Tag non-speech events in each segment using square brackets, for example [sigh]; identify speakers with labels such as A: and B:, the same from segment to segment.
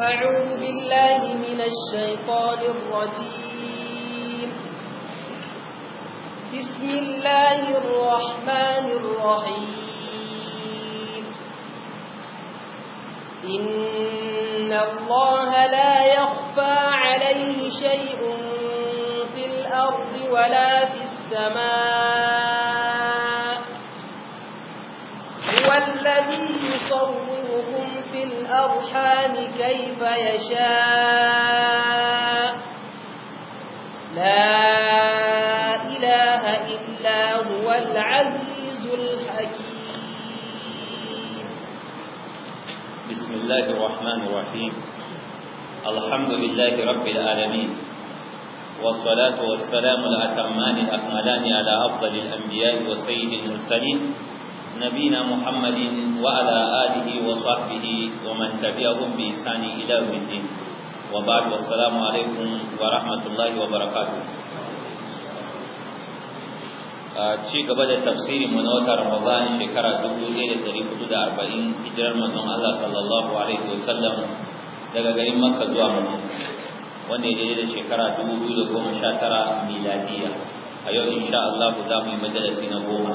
A: أعوذ بالله من الشيطان الرجيم بسم الله الرحمن الرحيم إن الله لا يخفى عليه شيء في الأرض ولا في السماء هو الذي يصور الأرحام كيف يشاء لا إله إلا هو العزيز الحكيم
B: بسم الله الرحمن الرحيم الحمد لله رب العالمين والصلاة والسلام الأتمان الأكملان على أفضل الأنبياء وسيد المرسلين نبينا محمد وعلى آله وصحبه ومن تبعهم بإحسان إلى يوم الدين وبعد والسلام عليكم ورحمة الله وبركاته ci gaba da tafsirin mu na wata Ramadan shekara 1440 hijirar manzon Allah sallallahu alaihi wasallam daga garin Makka zuwa Madina wanda ya daidai da shekara 2019 miladiya a yau insha Allah za mu yi majalisi na goma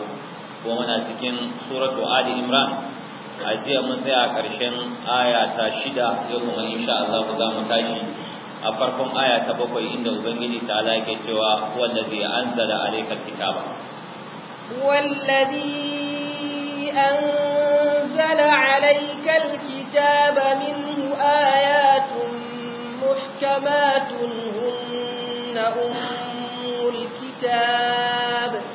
B: ko muna cikin suratu ali imran a jiya mun tsaya a ƙarshen aya ta shida yau kuma insha Allah za mu tashi a farkon aya ta bakwai inda ubangiji ta ala cewa wallazi anzala alaykal kitaba
A: wallazi anzala alaykal kitaba minhu ayatun muhkamatun hunna ummul kitab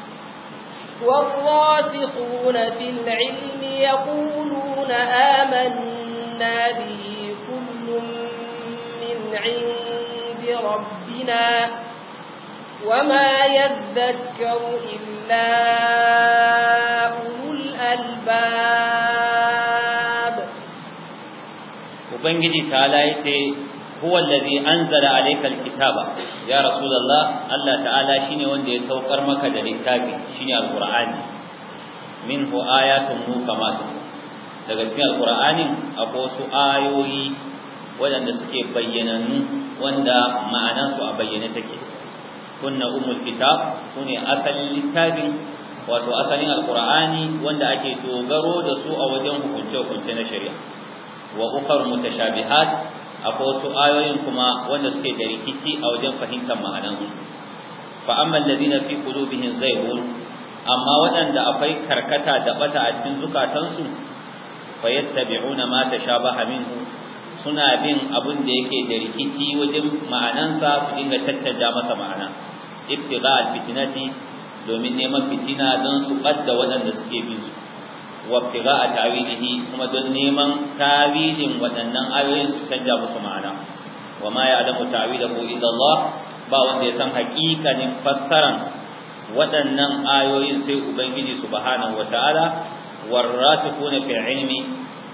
A: والراسخون في العلم يقولون آمنا به كل من عند ربنا وما يذكر إلا أولو الألباب
B: وبنجي تعالى يتي huwa allazi anzala alayka alkitaba ya rasulullah Allah ta'ala shine wanda ya saukar maka da littafi shine alqur'ani minhu ayatun mukamatun daga cikin alqur'anin akwai ayoyi waɗanda suke bayyanannu wanda ma'anansu a bayyane take kunna umul kitab sune asalin littafi wato asalin alqur'ani wanda ake dogaro da su a wajen hukunce hukunce na shari'a wa ukhar mutashabihat akwai wasu ayoyin kuma wanda suke da rikici a wajen fahimtar ma'anansu fa amma alladhina fi qulubihim zayghun amma waɗanda akwai karkata da bata a cikin zukatansu fa yattabi'una ma tashabaha minhu suna bin abun da yake da rikici wajen ma'anansa su dinga tattauna masa ma'ana ibtigha al-fitnati domin neman fitina don su ɓadda waɗanda suke bin su wa a tawilihi kuma don neman tawilin waɗannan ayoyin su canja musu ma'ana wa ma ya'lamu ta'wilahu illa Allah ba wanda ya san haƙiƙanin fassaran waɗannan ayoyin sai ubangiji subhanahu wataala warrasikuna fil ilmi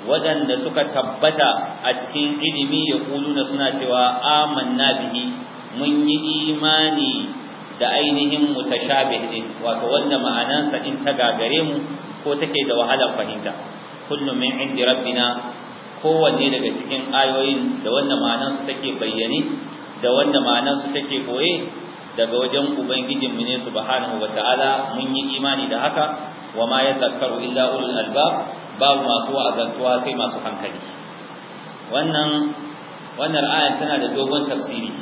B: waɗanda suka tabbata a cikin ilimi ya kuluna suna cewa amanna bihi mun yi imani da ainihin mutashabih din wato wanda ma'anansa din ta gagare mu ko take da wahalar fahimta kullu min indi rabbina kowanne daga cikin ayoyin da wanda ma'anar su take bayyane da wanda ma'anar su take koye daga wajen ubangijin mu ne subhanahu wataala mun yi imani da haka wa ma yadhakkaru illa ulul albab babu masu wa'azantuwa sai masu hankali wannan wannan tana da dogon tafsiri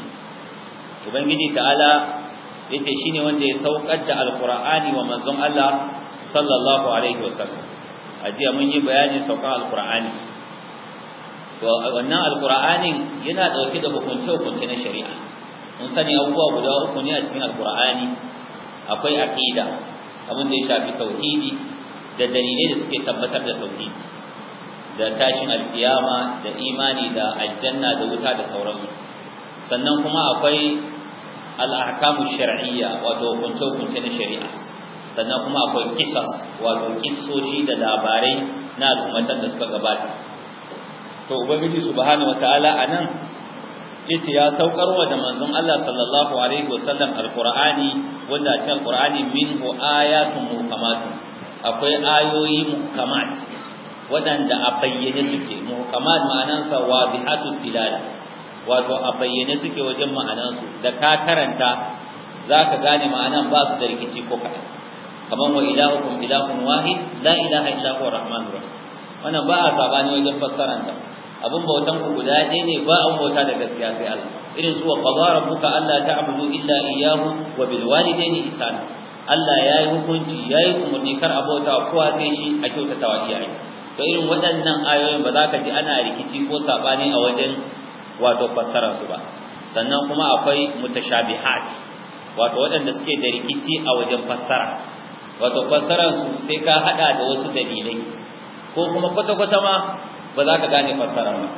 B: ubangiji ta'ala yace shine wanda ya saukar da alqur'ani wa manzon Allah sallallahu alaihi wasallam ajiya mun yi bayanin saukar alqur'ani to wannan alqur'anin yana dauke da hukunce hukunce na shari'a mun sani abubuwa guda uku ne a cikin alqur'ani akwai aqida abin da ya shafi tauhidi da dalilai da suke tabbatar da tauhidi da tashin alkiyama da imani da aljanna da wuta da sauransu sannan kuma akwai al-ahkamu shar'iyya wato hukunce hukunce na shari'a sannan kuma akwai kisas wato kissoji da labarai na al'ummatan da suka gabata to ubangiji subhanahu wataala anan yace ya saukarwa da manzon Allah sallallahu alaihi wasallam alqur'ani wanda ce min minhu ayatun muhkamatun akwai ayoyi muhkamat wadanda a bayyane suke muhkamat ma'anansa wadihatul bilal wato a bayyane suke wajen ma'anansu da ka karanta za ka gane ma'anan ba su da rikici ko kaɗan kamar wa ilahukum ilahun wahid la ilaha illa huwa rahmanur rahim wannan ba a sabani wajen fassaran ta abin bautan ku guda ɗaya ne ba an bauta da gaskiya sai Allah irin su wa qadara rabbuka alla ta'budu illa iyyahu wa bil walidayni ihsana Allah ya yi hukunci ya yi umarni kar a bauta kowa sai shi a kyautata wa iyaye to irin waɗannan ayoyin ba za ka ji ana rikici ko saɓani a wajen wato fassara su ba sannan kuma akwai mutashabihat wato waɗanda suke da rikici a wajen fassara wato fassara su sai ka hada da wasu dalilai ko kuma kwata-kwata ma ba za ka gane fassara ba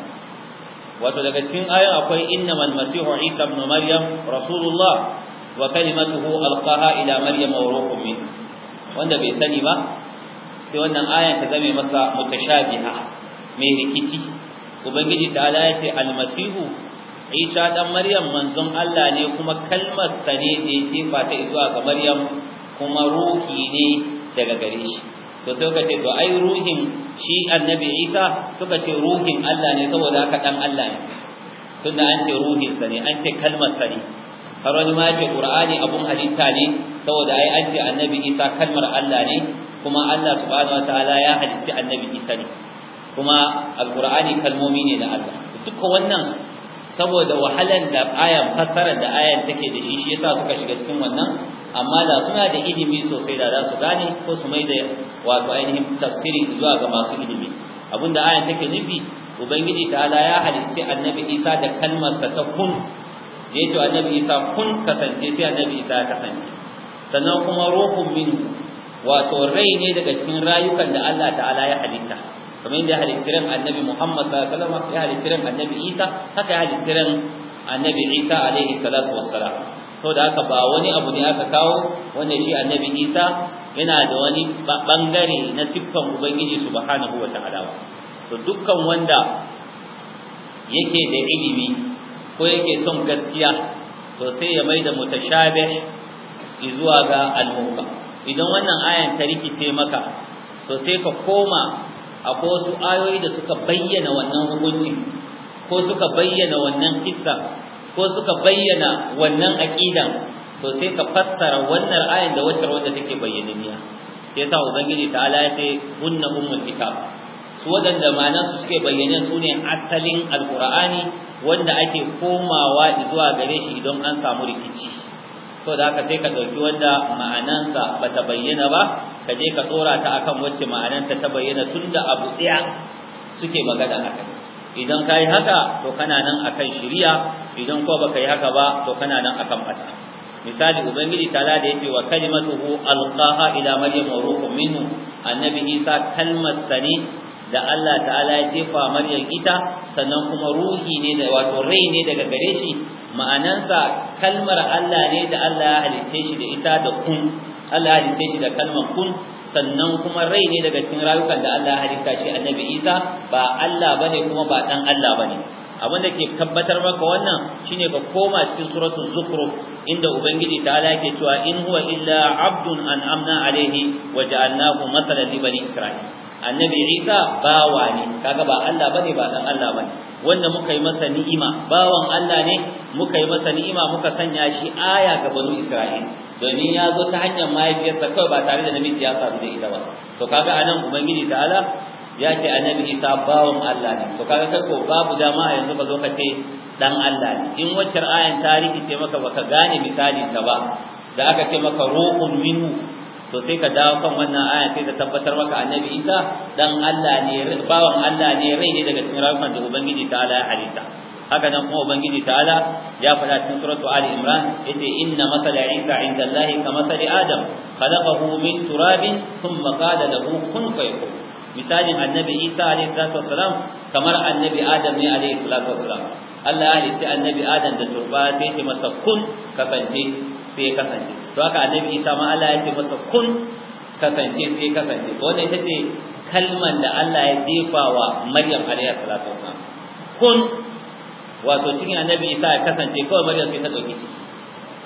B: wato daga cikin ayan akwai innamal masihu isa ibn maryam rasulullah wa kalimatuhu alqaha ila maryam wa ruhum min wanda bai sani ba sai wannan ayan ta zame masa mutashabiha mai rikici ubangiji Ala ya ce almasihu isa dan maryam manzon Allah ne kuma kalmar sa ne da yake ta zuwa ga maryam kuma ruhi ne daga gare shi to sai ka ce to ai ruhin shi annabi isa suka ce ruhin Allah ne saboda haka dan Allah ne tunda an ce ruhin sa ne an ce kalmar sa ne har wani ma ce qur'ani abun halitta ne saboda ai an ce annabi isa kalmar Allah ne kuma Allah subhanahu wataala ya halicci annabi isa ne kuma alkur'ani kalmomi ne na Allah duka wannan saboda wahalan da ayan fassara da ayan take da shi shi yasa suka shiga cikin wannan amma da suna da ilimi sosai da za su gane ko su mai da wato ainihin tafsiri zuwa ga masu ilimi abinda ayan take nufi ubangiji ala ya halicci annabi Isa da kalmarsa ta kun da annabi Isa kun kasance sai annabi Isa ya kasance sannan kuma ruhun min wato rai ne daga cikin rayukan da Allah ta'ala ya halitta kamar yadda ya halitti ran annabi Muhammad sallallahu alaihi wasallam ya halitti ran annabi Isa haka ya halitti ran annabi Isa alaihi salatu wassalam saboda haka ba wani abu ne aka kawo wanda shi annabi Isa yana da wani bangare na siffan ubangiji subhanahu wataala to dukkan wanda yake da ilimi ko yake son gaskiya to sai ya maida mutashabih zuwa ga al-muhkam idan wannan ayan ta rikice maka to sai ka koma akwai wasu ayoyi da suka bayyana wannan hukunci ko suka bayyana wannan kisa ko suka bayyana wannan aqida to sai ka fassara wannan ayan da wacce wanda take bayyananniya yasa ubangiji ta'ala ya ce kunna ummul kitab su wadanda ma'anar su suke bayyane su ne asalin alqur'ani wanda ake komawa zuwa gare shi idan an samu rikici so da haka sai ka ɗauki wanda ma'anansa ba ta bayyana ba ka je ka tsora ta akan wacce ma'ananta ta bayyana tun da abu ɗaya suke magana haka. idan ka yi haka to kana nan akan shiriya idan ko baka yi haka ba to kana nan akan bata misali ubangiji tala da yace wa kalimatuhu alqaha ila maryam wa ruhu minhu annabi isa kalmar sani da Allah ta'ala ya jefa maryam ita sannan kuma ruhi ne da wato rai ne daga gare shi ma'anansa kalmar Allah ne da Allah ya halitte shi da ita da kun Allah ya halitte shi da kalmar kun sannan kuma rai ne daga cikin rayukan da Allah ya halitta shi annabi Isa ba Allah bane kuma ba dan Allah bane abin da ke tabbatar maka wannan shine ka koma cikin suratul zukhruf inda ubangiji ta ala yake cewa in huwa illa abdun an'amna alaihi wa ja'alnahu matalan li bani isra'il annabi Isa bawa ne kaga ba Allah bane ba dan Allah bane wanda muka yi masa ni'ima bawan Allah ne muka yi masa ni'ima muka sanya shi aya ga banu Isra'il domin ya zo ta hanyar mahaifiyarsa kawai ba tare da namiji ya sadu da ita ba to kaga anan ubangiji ala ya ce annabi isa bawan Allah ne to kaga kako babu dama a yanzu ba zo ka ce dan Allah ne in waccar ayan tarihi ce maka baka gane misali ta ba da aka ce maka ruhun minhu to sai ka dawo kan wannan aya sai ta tabbatar maka annabi Isa dan Allah ne bawan Allah ne rai ne daga cikin rayukan da ubangiji ala ya halitta haka nan kuma ubangiji ta'ala ya faɗa cikin suratu ali imran yace inna masala isa inda allahi ka masali adam khalaqahu min turabin thumma qala lahu kun fayakun misalin annabi isa alayhi salatu wassalam kamar annabi adam ne alayhi salatu wassalam Allah ya halitta annabi adam da turba sai ya masa kun kasance sai ya kasance to haka annabi Isa ma Allah ya ce masa kun kasance sai kasance wannan ita ce kalman da Allah ya jefa wa Maryam alayhi salatu wasalam kun wato cikin annabi Isa ya kasance kawai Maryam sai ta dauki shi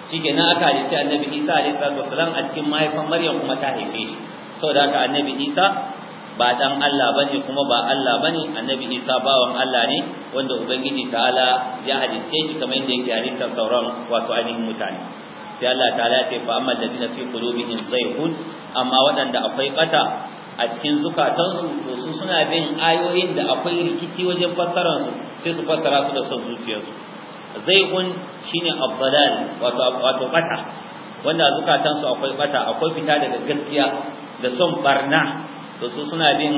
B: shikenan aka halice annabi Isa alayhi salatu wasalam a cikin mahaifan Maryam kuma ta haife shi saboda haka annabi Isa ba dan Allah bane kuma ba Allah bane annabi Isa bawan Allah ne wanda ubangiji ta'ala ya hadice shi kamar yadda yake halittar sauran wato ainihin mutane sai Allah ta'ala ya ce fa amma alladina fi qulubihim zayhun amma waɗanda akwai kata a cikin zukatansu to su suna bin ayoyin da akwai rikici wajen fassarar su sai su fassara su da son zuciyarsu zayhun shine abdalal wato wato kata wanda zukatansu akwai kata akwai fita daga gaskiya da son barna to su suna bin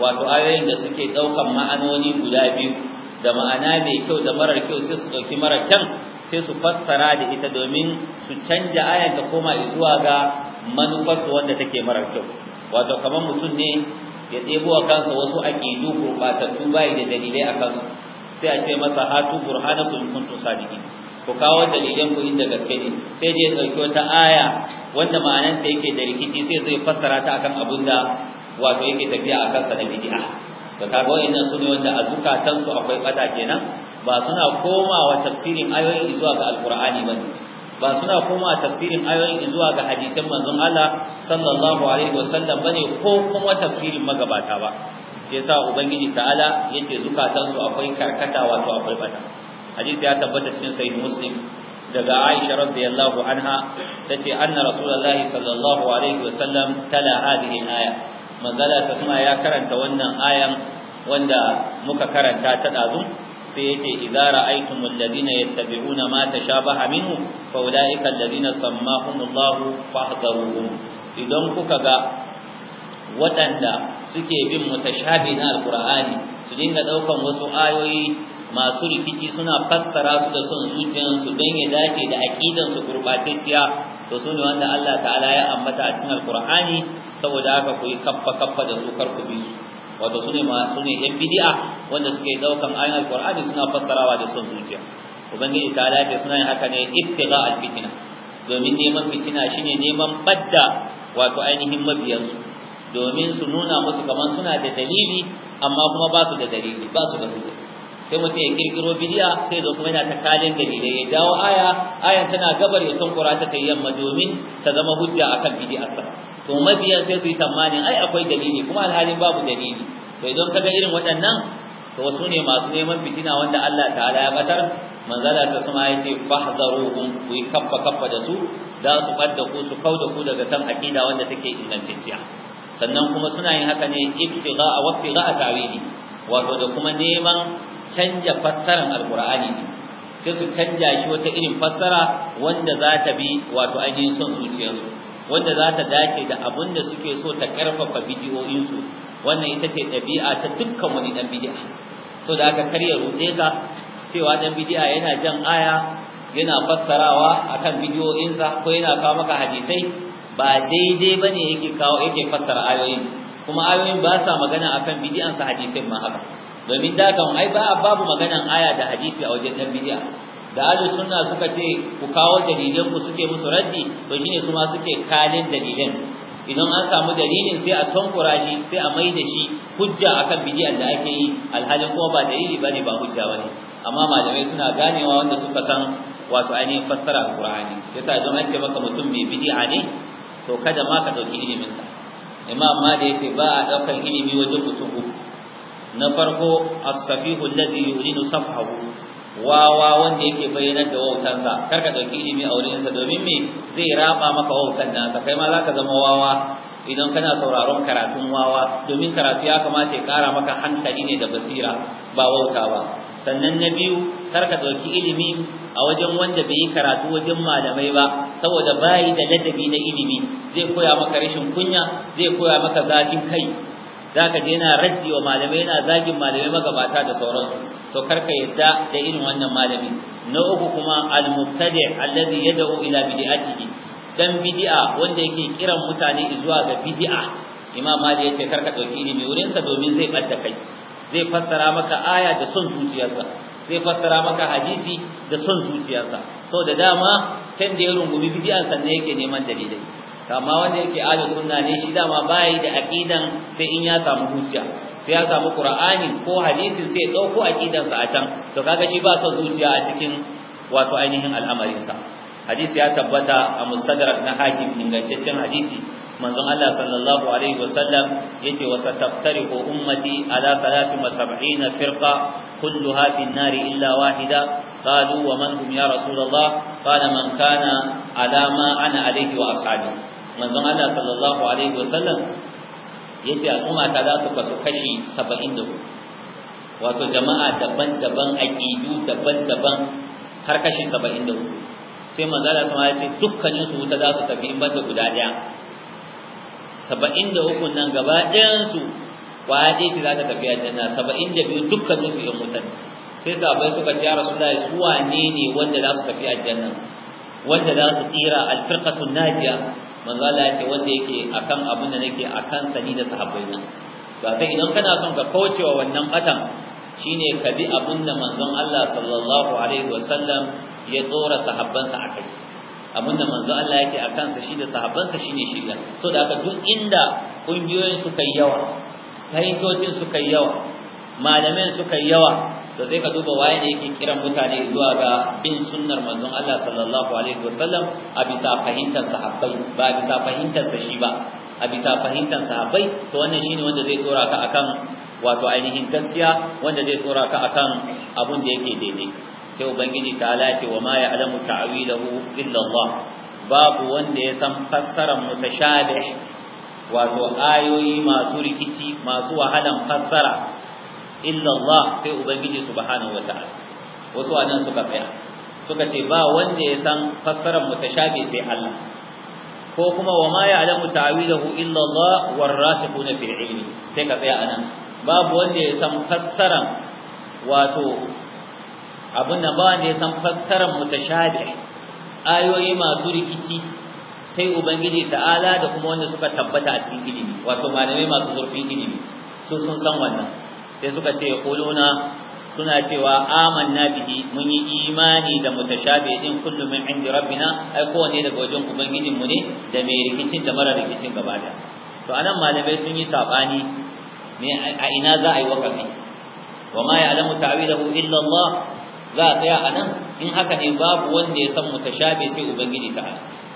B: wato ayoyin da suke daukan ma'anoni guda biyu da ma'ana mai kyau da marar kyau sai su dauki marar kyan sai su fassara da ita domin su canja ayan ta koma zuwa ga manufarsu wanda take marar kyau wato kamar mutum ne ya ɗebo a kansa wasu aƙidu gurɓatattu bayi da dalilai a kansu sai a ce masa hatu kun to sadiqin ku kawo dalilan ku inda gaske ne sai dai ya dauki wata aya wanda ma'ananta yake da rikici sai zai fassara ta akan abin da wato yake tafiya a kansa na bid'a to kaga wayannan sune wanda a zukatansu akwai fada kenan ba suna komawa tafsirin ayoyin zuwa ga alqur'ani bane ba suna komawa tafsirin ayoyin zuwa ga hadisan manzon Allah sallallahu alaihi wasallam bane ko kuma tafsirin magabata ba yasa ubangiji ta'ala yace zukatansu akwai karkata wato akwai bada hadisi ya tabbata cikin sahih muslim daga Aisha radiyallahu anha tace anna rasulullahi sallallahu alaihi wasallam tala hadhihi al-aya manzala ta suma ya karanta wannan ayan wanda muka karanta ta dazu sai yace idza ra'aytumul ladina yattabi'una ma tashabaha minhu fa ulaika alladina sammahumullahu fahdharuhum idan kuka ga waɗanda suke bin mutashabihin na alqur'ani su dinga daukan wasu ayoyi masu rikici suna fassara su da son zuciyarsu don ya dace da su gurbatacciya to su ne wanda Allah ta'ala ya ambata a cikin alkur'ani saboda haka ku yi kaffa kaffa da su kar ku bi wato su ne masu ne yan bid'a wanda suke daukan ayoyin alkur'ani suna fassarawa da son zuciya ubangiji ta lafi suna yin haka ne ibtiga alfitina domin neman fitina shine neman badda wato ainihin mabiyansu domin su nuna musu kaman suna da dalili amma kuma ba su da dalili ba su da hujja sai mutum ya kirkiro bidiya sai zo kuma yana ta kalin dalilai ya jawo aya ayan tana gabar ya tunkura ta kai yamma domin ta zama hujja akan bidiyarsa to mabiyan sai su yi tamanin ai akwai dalili kuma alhalin babu dalili to idan kaga irin waɗannan to wasu ne masu neman fitina wanda Allah ta'ala ya batar manzala ta suma ya ce fahzaruhum ku yi kaffa kaffa da su za su ɓadda ku su kauda ku daga kan aƙida wanda take ingantacciya sannan kuma suna yin haka ne ibtiga a wafiga a tawili wato da kuma neman canja fassaran alqur'ani ne sai su canja shi wata irin fassara wanda za ta bi wato ainihin son zuciyarsu wanda za ta dace da abin da suke so ta karfafa su wannan ita ce dabi'a ta dukkan wani ɗan bidi'a so da aka karya ruɗe ga cewa ɗan bidi'a yana jan aya yana fassarawa akan bidiyoyinsa ko yana kawo maka hadisai ba daidai bane yake kawo yake fassara ayoyin kuma ayoyin ba sa magana akan bidiyansa hadisin ma haka domin da kan ai ba babu maganan aya da hadisi a wajen dan bid'a da ahli sunna suka ce ku kawo dalilan ku suke musu raddi to shine kuma suke kalin dalilan idan an samu dalilin sai a tankura shi sai a maida shi hujja akan bidiyar da ake yi alhalin kuma ba dalili bane ba hujja bane amma malamai suna ganewa wanda suka san wato a fassara alqur'ani yasa idan an ce maka mutum mai bidi'a ne to kada ma ka dauki ilimin sa imam ma da yake ba a ɗaukar ilimi wajen mutum na farko as sabihu alladhi yulinu wa wawa wanda yake bayyanar da wautansa kar ka dauki ilimi a wurin sa domin me zai raba maka wautan nan kai ma ka zama wawa idan kana sauraron karatun wawa domin karatu ya kamata ya kara maka hankali ne da basira ba wauta ba sannan na biyu kar ka dauki ilimi a wajen wanda bai yi karatu wajen malamai ba saboda bayi da ladabi na ilimi zai koya maka rashin kunya zai koya maka zafin kai zaka je yana raddi wa malamai yana zagin malamai magabata da sauransu to karka yadda da irin wannan malami na uku kuma al-mubtadi alladhi yad'u ila bid'atihi dan bid'a wanda yake kiran mutane zuwa ga bid'a imam mali yace karka dauki ilimi wurin sa domin zai badda kai zai fassara maka aya da son zuciyarsa zai fassara maka hadisi da son zuciyarsa sau da dama sai da ya rungumi bid'a sannan yake neman dalilai amma wanda yake ahli sunna ne shi dama bai da aqidan sai in ya samu hujja sai ya samu qur'ani ko hadisin sai ya dauko aqidan sa a can to kaga shi ba son zuciya a cikin wato ainihin al'amarin sa hadisi ya tabbata a mustadrak na hakim ingantaccen hadisi manzon Allah sallallahu alaihi wasallam yace wa sataftariqu ummati ala 73 firqa kulluha fi an illa wahida qalu wa man hum ya rasulullah qala man kana ala ana alayhi wa manzon Allah sallallahu alaihi wasallam yace al'umma ta za su kasu kashi 74 wato jama'a daban-daban aqidu daban-daban har kashi 74 sai manzon Allah sallallahu alaihi wasallam dukkanin su ta za su tafi in banda guda daya 73 nan gaba ɗayan su waje ce za ta tafi aljanna 72 dukkanin su ya mutane sai sahabbai suka ce ya rasulullahi su wane ne wanda za su tafi aljanna wanda za su tsira alfirqatun najiya manzala ya ce wanda yake akan abin da nake akan sani da sahabbai na ba sai idan kana son ka kauce wa wannan batan shine ka bi abin da manzon Allah sallallahu alaihi wasallam ya tsora sahabbansa akai abin da manzon Allah yake akan sa shi da sahabbansa shine shirya so da haka duk inda kungiyoyin suka yi yawa fahimtocin suka yi yawa malamin suka yi yawa to sai ka duba waye ne yake kiran mutane zuwa ga bin sunnar manzon Allah sallallahu alaihi wasallam a bisa fahimtar sahabbai ba a bisa fahimtar shi ba a bisa fahimtar sahabbai to wannan shine wanda zai tsora ka akan wato ainihin gaskiya wanda zai tsora ka akan abun da yake daidai sai ubangiji ta ce wa ma ya'lamu ta'wilahu illa Allah babu wanda ya san fassarar mutashabih wato ayoyi masu rikici masu wahalan fassara illallah sai ubangiji subhanahu wataala wasu anan suka tsaya suka ce ba wanda ya san fassarar mutashabi sai Allah ko kuma wa ma ya'lamu ta'wilahu illallah warasikhuna fil ilmi sai ka tsaya anan babu wanda ya san fassarar wato abin da ba wanda ya san fassarar mutashabi ayoyi masu rikici sai ubangiji ta'ala da kuma wanda suka tabbata a cikin ilimi wato malamai masu zurfin ilimi su sun san wannan sai suka ce kuluna suna cewa amanna bihi mun yi imani da mutashabi din kullu min indi rabbina ai ko ne daga wajen ubangijin mu ne da mai rikicin da mara rikicin gaba da to anan malamai sun yi sabani ne a ina za a yi wakafi wa ma ya'lamu ta'wilahu illa Allah za a tsaya anan in haka ne babu wanda ya san mutashabi sai ubangiji ta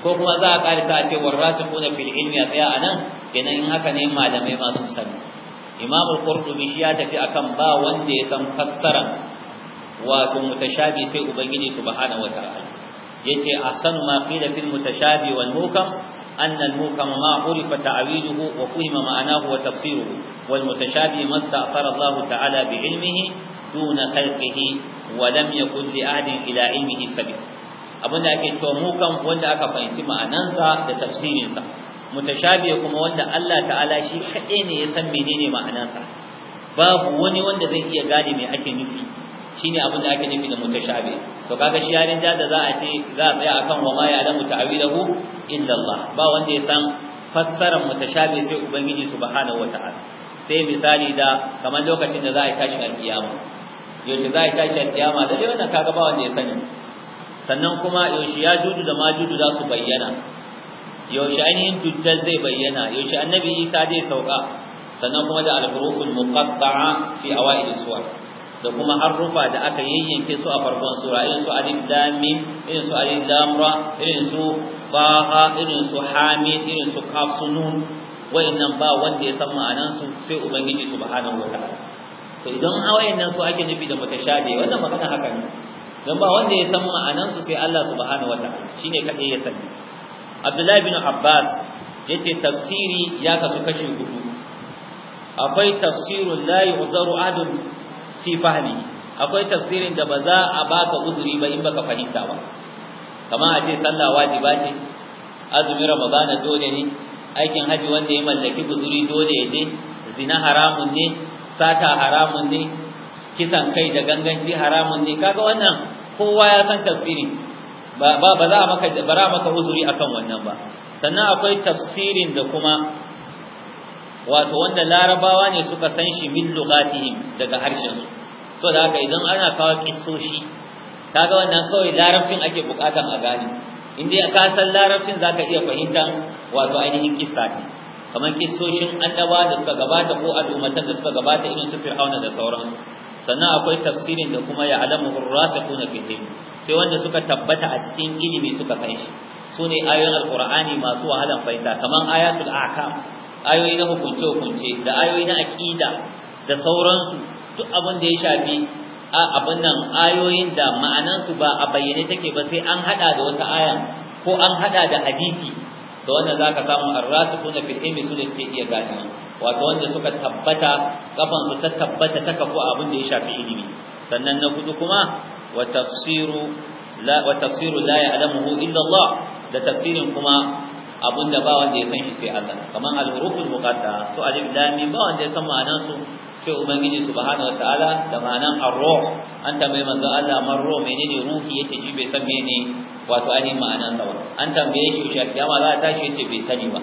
B: ko kuma za a karisa a ce warrasikuna fil ilmi a tsaya anan kenan in haka ne malamai ma sun sani imam al-qurtubi shi ya tafi akan ba wanda ya san fassara wato mutashabi sai ubangiji subhanahu wa ta'ala yace a san ma qila fil mutashabi wal muhkam anna al muhkam ma urifa ta'wiluhu wa fuhima ma'nahu wa tafsiruhu wal mutashabi ma sta'fara Allah ta'ala bi ilmihi duna khalqihi wa lam kulle adin ahadin ila ilmihi sabil ake cewa muhkam wanda aka fahimci ma'anansa da tafsirinsa mutashabiya kuma wanda Allah ta'ala shi kaɗai ne ya san menene ma'anarsa babu wani wanda zai iya gane me ake nufi shine abin da ake nufi da mutashabi to kaga shi yarin da za a ce za a tsaya akan wa ma alamu ta'wilahu illa Allah ba wanda ya san fassarar mutashabi sai ubangiji subhanahu wata'ala sai misali da kamar lokacin da za a tashi alkiyama yaushe za a tashi alkiyama da dai wannan kaga ba wanda ya sani sannan kuma yaushe ya judu da majudu za su bayyana yaushe ainihin dujjal zai bayyana yaushe annabi isa zai sauka sannan kuma da alhuruful muqatta'a fi awail suwar da kuma harufa da aka yayyanke su a farkon sura irin su alif lam mim irin su alif lam ra irin su baha irin su hamid irin su kaf sunun wayannan ba wanda ya san ma'anan su sai ubangiji subhanahu wa ta'ala to idan awayannan su ake nufi da mutashabi wannan magana haka ne dan ba wanda ya san ma'anan su sai Allah subhanahu wa ta'ala shine kadai ya sani abdullahi bin abbas ya ce tafsiri ya kasu kashi hudu akwai tafsirun la yu'zaru adun fi fahmi akwai tafsirin da ba za a baka uzuri ba in baka fahimta ba kamar a ce sallah wajiba ce azumi ramadana dole ne aikin haji wanda ya mallaki uzuri dole ne zina haramun ne sata haramun ne kisan kai da ganganci haramun ne kaga wannan kowa ya san tafsirin ba ba za maka bara maka uzuri akan wannan ba sannan akwai tafsirin da kuma wato wanda larabawa ne suka san shi min lughatihim daga harshen su so da haka idan ana kawo kissoshi kaga wannan kawai larabcin ake bukatan a gane in dai ka san larabcin zaka iya fahimtar wato ainihin kissa ne kamar kissoshin annaba da suka gabata ko al'ummatan da suka gabata irin su fir'auna da sauransu sannan akwai tafsirin da kuma ya alamu hurrasa kuna sai wanda suka tabbata a cikin ilimi suka san shi sune ayoyin alqur'ani masu wahalan fahimta kamar ayatul ahkam ayoyi na hukunce hukunce da ayoyi na aqida da sauransu duk abin da ya shafi abin nan ayoyin da ma'anansu ba a bayyane take ba sai an hada da wata aya ko an hada da hadisi to wannan zaka samu arrasikuna fil ilmi su suke iya gani wato wanda suka tabbata kafan su ta tabbata ta kafu abin da ya shafi ilimi sannan na hudu kuma wa tafsiru la wa tafsiru la ya'lamuhu illa Allah da tafsirin kuma abun da ba wanda ya san shi sai Allah kaman al-huruful muqaddara su alif lam mim ba wanda ya san ma'anar su sai ubangiji subhanahu wataala da ma'anar ar-ruh anta mai manzo Allah man ruh menene ruhi yake ji bai san menene wato ani ma'anar sa an tambaye shi shi kiyama za ta tashi yace bai sani ba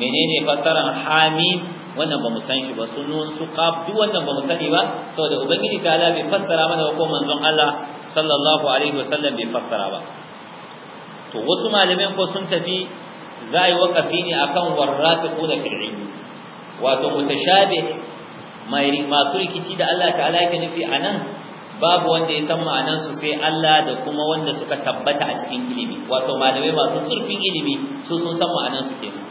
B: menene fassarar hamim wannan ba mu san shi ba sunun su qaf duk wannan ba mu sani ba saboda ubangiji ta Allah bai fassara mana ko manzon Allah sallallahu alaihi wasallam bai fassara ba to wasu malamin ko sun tafi za yi wakafi ne akan ko da ilmi wato mutashabih mai masu rikici da Allah ta'ala yake nufi anan babu wanda ya san ma'anansu sai Allah da kuma wanda suka tabbata a cikin ilimi wato malamai masu zurfin ilimi su sun san ma'anan su kenan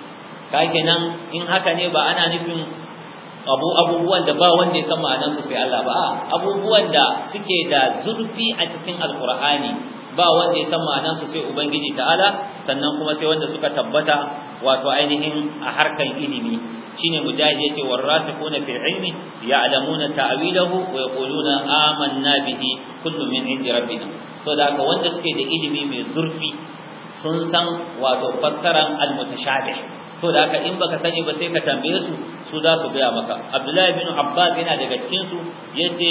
B: ka kenan in haka ne ba ana nufin abu abubuwan da ba wanda ya san ma'anar su sai Allah ba abubuwan da suke da zurfi a cikin alkur'ani ba wanda ya san ma'anar su sai ubangiji ta'ala sannan kuma sai wanda suka tabbata wato ainihin a harkan ilimi shine mujahid yace warasikuna fil ilmi ya'lamuna ta'wilahu wa yaquluna amanna bihi kullu min indi rabbina so da haka wanda suke da ilimi mai zurfi sun san wato fassaran al To da haka in baka sani ba sai ka tambaye su su za su gaya maka abdullahi bin abbas yana daga cikin su yace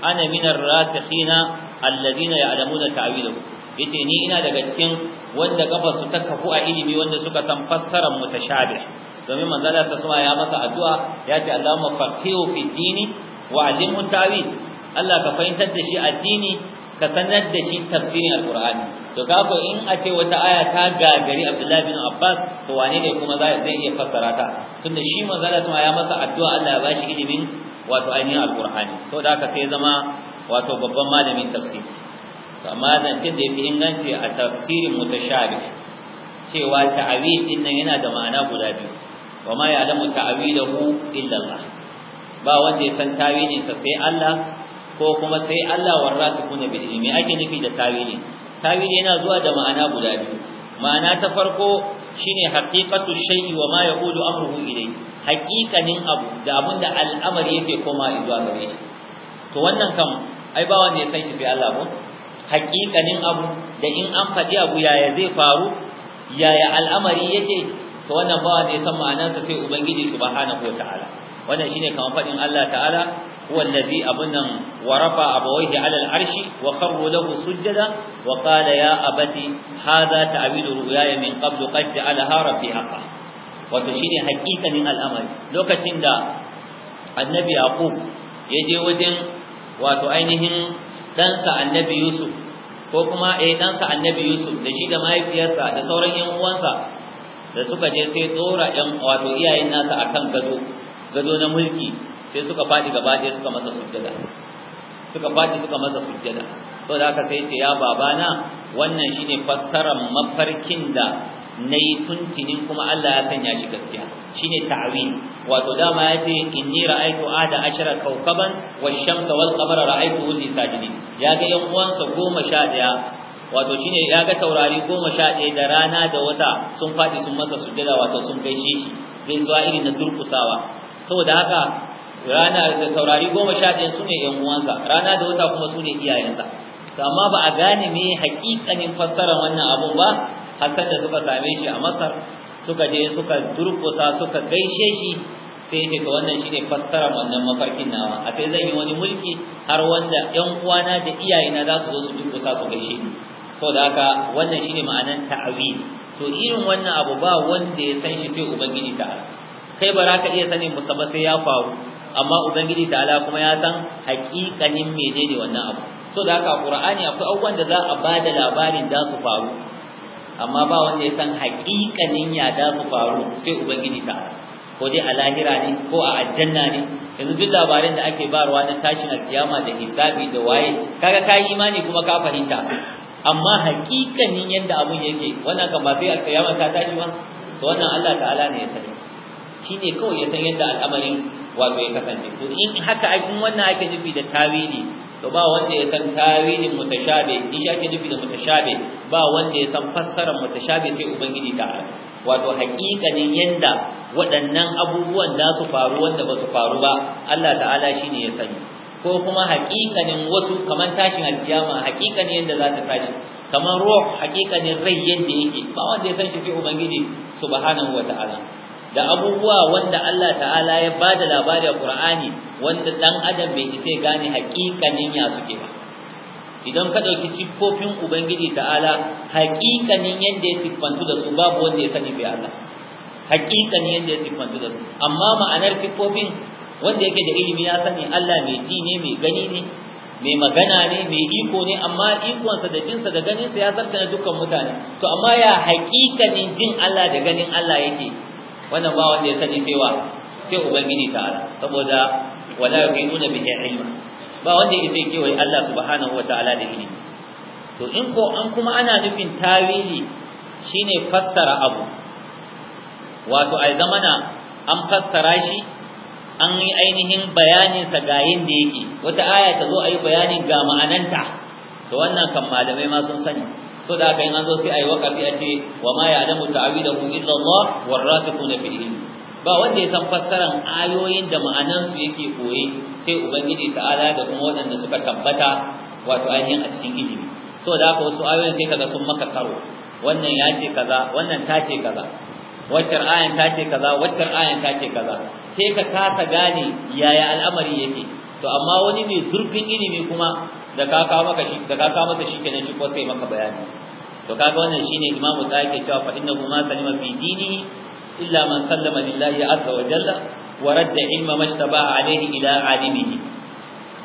B: ana minar rasikhina alladhina ya'lamuna ta'wilahu yace ni ina daga cikin wanda kafar su ta kafu a ilimi wanda suka san fassarar mutashabih domin manzala sa suma ya masa addu'a ya ce Allahumma faqihu fi dini wa alimhu ta'wil Allah ka fahimtar da shi addini ka sanar da shi tafsirin alqur'ani to kafa in a ce wata aya ta gagari Abdullahi bin Abbas to wane ne kuma zai iya fassara ta tunda shi manzala sama ya masa addu'a Allah ya bashi ilimin wato ainihin alqur'ani to da haka sai zama wato babban malamin tafsir to amma ce da yafi inganci a tafsirin mutashabih cewa ta'awil din nan yana da ma'ana guda biyu wa ma ya'lamu ta'awilahu illa Allah ba wanda ya san tawilin sa sai Allah ko kuma sai Allah kuna bil ilmi ake nufi da tawilin tawili yana zuwa da ma'ana guda biyu ma'ana ta farko shine haqiqatu shay'i wa ma yaqulu amruhu ilayhi haqiqanin abu da abin da al'amari yake koma zuwa gare shi to wannan kam ai ba wanda ya san shi sai Allah ko haqiqanin abu da in an faɗi abu yaya zai faru yaya al'amari yake to wannan ba wanda ya san ma'anarsa sai ubangiji subhanahu wataala wannan shine kamar faɗin Allah ta'ala huwa allazi abunan warafa a ala al'arshi wa qarru lahu sujjada wa qala ya abati hadha ta'wilu ru'yaya min qablu qad ja'alaha rabbi haqqan wato shine hakikanin al'amari lokacin da annabi yaqub ya je wajen wato ainihin ɗansa annabi yusuf ko kuma eh ɗansa annabi yusuf da shi da mahaifiyarsa da sauran yan uwansa da suka je sai tsora wato iyayen nasa a kan gado gado na mulki sai suka faɗi gaba ɗaya suka masa sujjada suka faɗi suka masa sujjada saboda haka kai ce ya babana wannan shine fassarar mafarkin da nayi tuntunin kuma Allah ya sanya shi gaskiya shine ta'wil wato dama yace inni ra'aytu ada ashara kawkaban wash-shamsa wal-qamara ra'aytu li Ya ga yan uwansa goma sha daya wato shine ya ga taurari goma sha daya da rana da wata sun fadi sun masa sujjada wato sun gaishe shi gaisuwa irin na durkusawa saboda haka rana da taurari goma sha ɗaya su ne ‘yan uwansa rana da wata kuma su ne iyayensa to amma ba a gane me haƙiƙanin fassara wannan abun ba har da suka same shi a masar suka je suka durƙusa suka gaishe shi sai ne to wannan shine fassara wannan mafarkin nawa a sai zan yi wani mulki har wanda ‘yan uwana da iyayena za su zo su durƙusa su gaishe ni saboda haka wannan shine ma'anar ta'awi to irin wannan abu ba wanda ya san shi sai ubangiji ta'ala kai ba za ka iya sanin musa ba sai ya faru amma ubangiji ta'ala kuma ya san hakikanin menene wannan abu so da haka qur'ani akwai abubuwan da za a bada labarin da su faru amma ba wanda ya san haƙiƙanin ya da su faru sai ubangiji ta ko dai a lahira ne ko a aljanna ne yanzu duk labarin da ake barwa na tashin alkiyama da hisabi da waye kaga ka imani kuma ka fahimta amma hakikanin yadda abun yake wannan kan ba sai alkiyama ta tashi ba to wannan Allah ta'ala ne ya sani shine kawai ya san yadda al'amarin wato ya kasance to in haka in wannan ake nufi da tawili to ba wanda ya san tawilin mutashabe in shi ake nufi da mutashabe ba wanda ya san fassarar mutashabe sai ubangiji ta wato hakikanin yadda waɗannan abubuwan da su faru wanda ba su faru ba Allah ta'ala shine ya sani ko kuma hakikanin wasu kamar tashin alkiyama hakikanin yadda za ta tashi kamar ruh hakikanin rai yanda yake ba wanda ya san shi sai ubangiji subhanahu wata'ala da abubuwa wanda Allah ta'ala ya ba da labari a Qur'ani wanda dan adam bai isa gane haƙiƙanin ya suke ba idan ka dauki siffofin ubangiji ta'ala haƙiƙanin yanda ya siffantu da su babu wanda ya sani sai Allah haƙiƙanin yanda ya siffantu da su amma ma'anar siffofin wanda yake da ilimi ya sani Allah mai ji ne mai gani ne mai magana ne mai iko ne amma ikonsa da jinsa da ganinsa ya zartana dukkan mutane to amma ya haƙiƙanin jin Allah da ganin Allah yake wannan ba wanda ya sani sai wa sai ubangiji ala saboda wala yuqinuna bihi ilma ba wanda ya sai kewaye Allah subhanahu ta'ala da ilimi to in ko an kuma ana nufin tawili shine fassara abu wato ai zamana an fassara shi an yi ainihin bayanin sa ga yanda yake wata aya ta zo ayi bayanin ga ma'ananta to wannan kan malamai ma sun sani so da haka in zo sai ayi waqafi a ce wa ma ya'lamu ta'wilahu illa Allah warasikuna fil ilm ba wanda ya san fassaran ayoyin da ma'anan su yake koye sai ubangiji ta'ala da kuma waɗanda suka tabbata wato ainihin a cikin ilimi so da haka wasu ayoyin sai kaga sun maka karo wannan ya ce kaza wannan ta ce kaza waccar ayan ta ce kaza waccar ayan ta ce kaza sai ka kasa gane yaya al'amari yake to amma wani mai zurfin ilimi kuma da ka kawo maka shi da ka kawo maka shi kenan shi ko sai maka bayani to kaga wannan shine Imam zaki cewa fa innahu ma salima fi dini illa man sallama lillahi azza wa jalla wa radda ilma mashtaba alayhi ila alimihi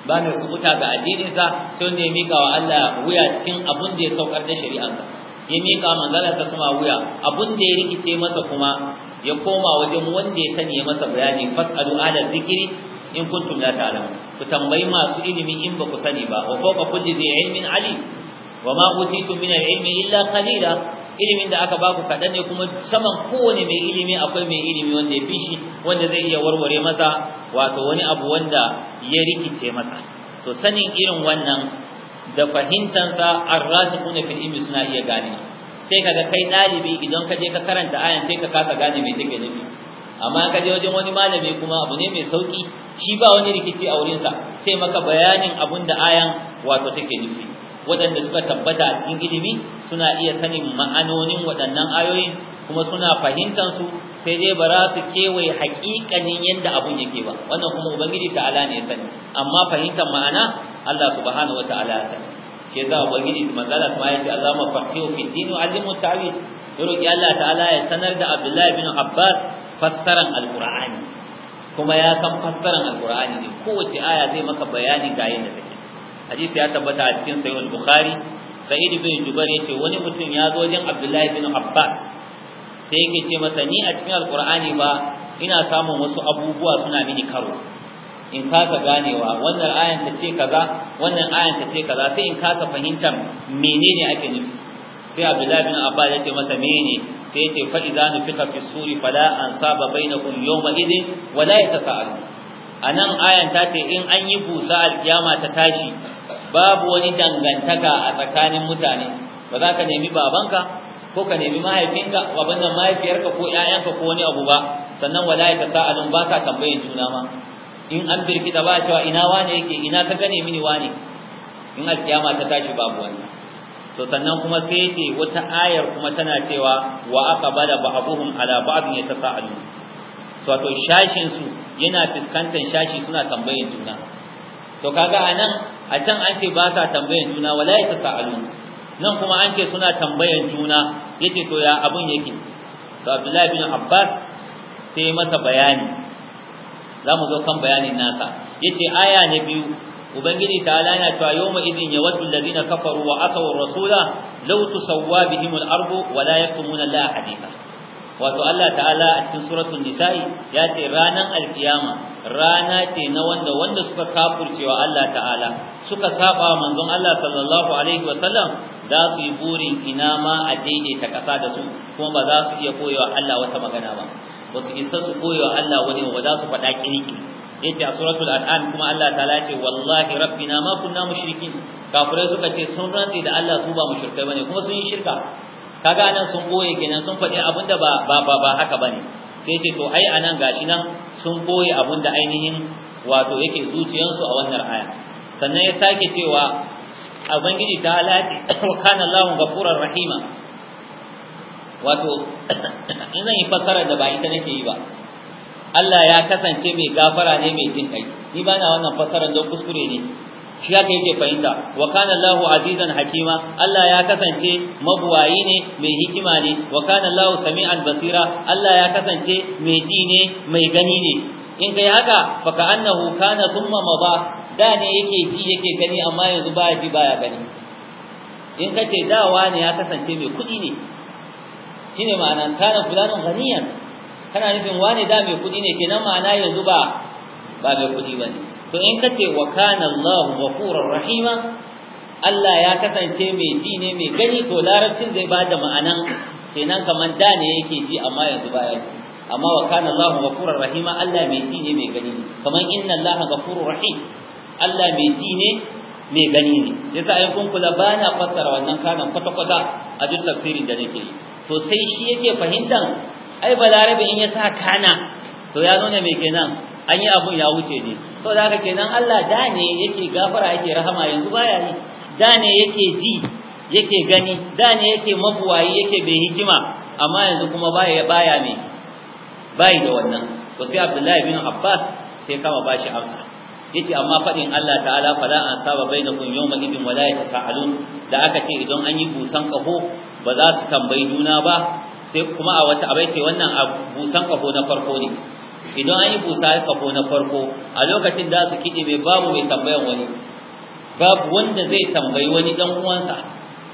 B: ba ku kuta ga sa sai ne ya mika wa Allah wuya cikin abun da ya saukar da ka ya mika manzala sa sama wuya abun da ya rikice masa kuma ya koma wajen wanda ya sani ya masa bayani fasalu ala zikri in kuntum la ta'lamun ku tambayi masu ilimi in ba ku sani ba wa fawqa kulli dhi ilmin alim wa ma utitum min al-ilmi illa qalila ilimin da aka baku kadan ne kuma saman kowane mai ilimi akwai mai ilimi wanda ya fi shi wanda zai iya warware masa wato wani abu wanda ya rikice masa to sanin irin wannan da fahimtansa ar-rasikhuna fil ilmi suna iya gane sai kaga kai dalibi idan ka je ka karanta ayan sai ka kasa gane me take nufi amma ka je wajen wani malami kuma abu ne mai sauki shi ba wani rikici a wurinsa sai maka bayanin abun da ayan wato take nufi waɗanda suka tabbata a cikin ilimi suna iya sanin ma'anonin waɗannan ayoyin kuma suna fahimtar su sai dai ba za su kewaye haƙiƙanin yadda abun yake ba wannan kuma ubangiji ta'ala ne ya sani amma fahimtar ma'ana Allah subhanahu wata'ala ya sani shi yasa ubangiji manzala su ma ya ce azama faqihu fi din wa alimu ta'wil ya roki Allah ta'ala ya sanar da Abdullahi bin Abbas fassaran alqur'ani kuma ya san fassaran alqur'ani ne kowace aya zai maka bayani ga yadda take hadisi ya tabbata a cikin sahih al-bukhari sa'id bin jubair yace wani mutum ya zo wajen abdullahi bin abbas sai yake ce masa ni a cikin alkur'ani ba ina samun wasu abubuwa suna mini karo in kasa ganewa wannan ayan ta ce kaza wannan ayan ta ce kaza sai in kasa fahimtar menene ake nufi sai abdullahi bin abbas ce masa mene sai yace fa idza nufika fi suri fala ansaba bainakum yawma idin la yatasaalu anan ayan ta ce in an yi busa alkiyama ta tashi babu wani dangantaka a tsakanin mutane ba za ka nemi babanka ko ka nemi mahaifinka abin da mahaifiyarka ko ƴaƴanka ko wani abu ba sannan wala yatasaalun ba sa tambayin juna ma in an birkita ba cewa ina wane yake ina ka gane mini wane in alkiyama ta tashi babu wani to sannan kuma sai ce wata ayar kuma tana cewa wa aka bada ba'abuhum ala ba'din yatasaalu to wato shashin su yana fiskantar shashi suna tambayin juna to kaga anan a can an ce ba sa tambayin juna wala ya yatasaalu nan kuma an ce suna tambayan juna yace to ya abun yake to Abdullahi bin Abbas sai masa bayani zamu zo kan bayanin nasa yace aya ne biyu ubangiji ta'ala yana cewa yawma idin yawaddu alladhina kafaru wa asaw rasula law tusawwa bihim al-ardu wa la yaktumuna la haditha wato Allah ta'ala a cikin suratul nisa'i ya ce ranan alkiyama rana ce na wanda wanda suka kafurcewa Allah ta'ala suka saba manzon Allah sallallahu alaihi za su yi burin ina ma a daidaita kasa da su kuma ba za su iya koyewa Allah wata magana ba ba su isa su koyewa Allah wani ba za su faɗa kirki yace a suratul an'am kuma Allah ta'ala ce wallahi rabbina ma kunna mushrikin kafirai suka ce sun rantsi da Allah su ba mushrikai bane kuma sun yi shirka kaga nan sun boye kenan sun faɗi abinda ba ba ba, ba haka bane sai ce to ai anan gashi nan sun boye abinda ainihin wato yake zuciyarsu a wannan aya sannan ya sake cewa ubangiji ta halati kana Allahu ghafurur rahima wato [coughs] in yi fassara da ba ita nake yi ba Allah ya kasance mai gafara ne mai jin kai ni ba na wannan fasaran don kuskure ne shi yake yake fahimta wa kana Allahu azizan hakima Allah ya kasance mabuwayi ne mai hikima ne wa kana Allahu sami'an basira Allah ya kasance mai ji ne mai gani ne in kai haka fa annahu kana thumma mada da ne yake ji yake gani amma yanzu baya ji baya gani in kace dawa ne ya kasance mai kuɗi ne shine ma'anan kana fulanun ghaniyan kana nufin wani da mai kudi ne kenan ma'ana yanzu ba ba mai kudi bane to in kace wa kana Allahu ghafurur rahima Allah ya kasance mai ji ne mai gani to larabcin zai ba da ma'anan kenan kaman da ne yake ji amma yanzu ya ji amma wa kana Allahu ghafurur rahima Allah mai ji ne mai gani ne kaman inna Allaha ghafurur rahim Allah mai ji ne mai gani ne yasa ai kun kula bana fassara wannan kana kwata kwata a duk tafsirin da nake yi to sai shi yake fahimtan ai balarabe in ya sa kana to ya nuna me kenan an yi abun ya wuce ne to da haka kenan Allah da ne yake gafara yake rahama yanzu baya ne da ne yake ji yake gani da ne yake mabuwayi yake bai hikima amma yanzu kuma baya baya ne bai da wannan to sai Abdullahi bin Abbas sai kama bashi amsa yace amma fadin Allah ta'ala fala an saba bainakum yawma idin wala yatasaalun da aka ce idan an yi busan kaho ba za su tambayi juna ba sai kuma a wata abai ce wannan a busan kafo na farko ne idan an yi busa kafo na farko a lokacin da su kiɗe mai babu mai tambayan wani babu wanda zai tambayi wani dan uwansa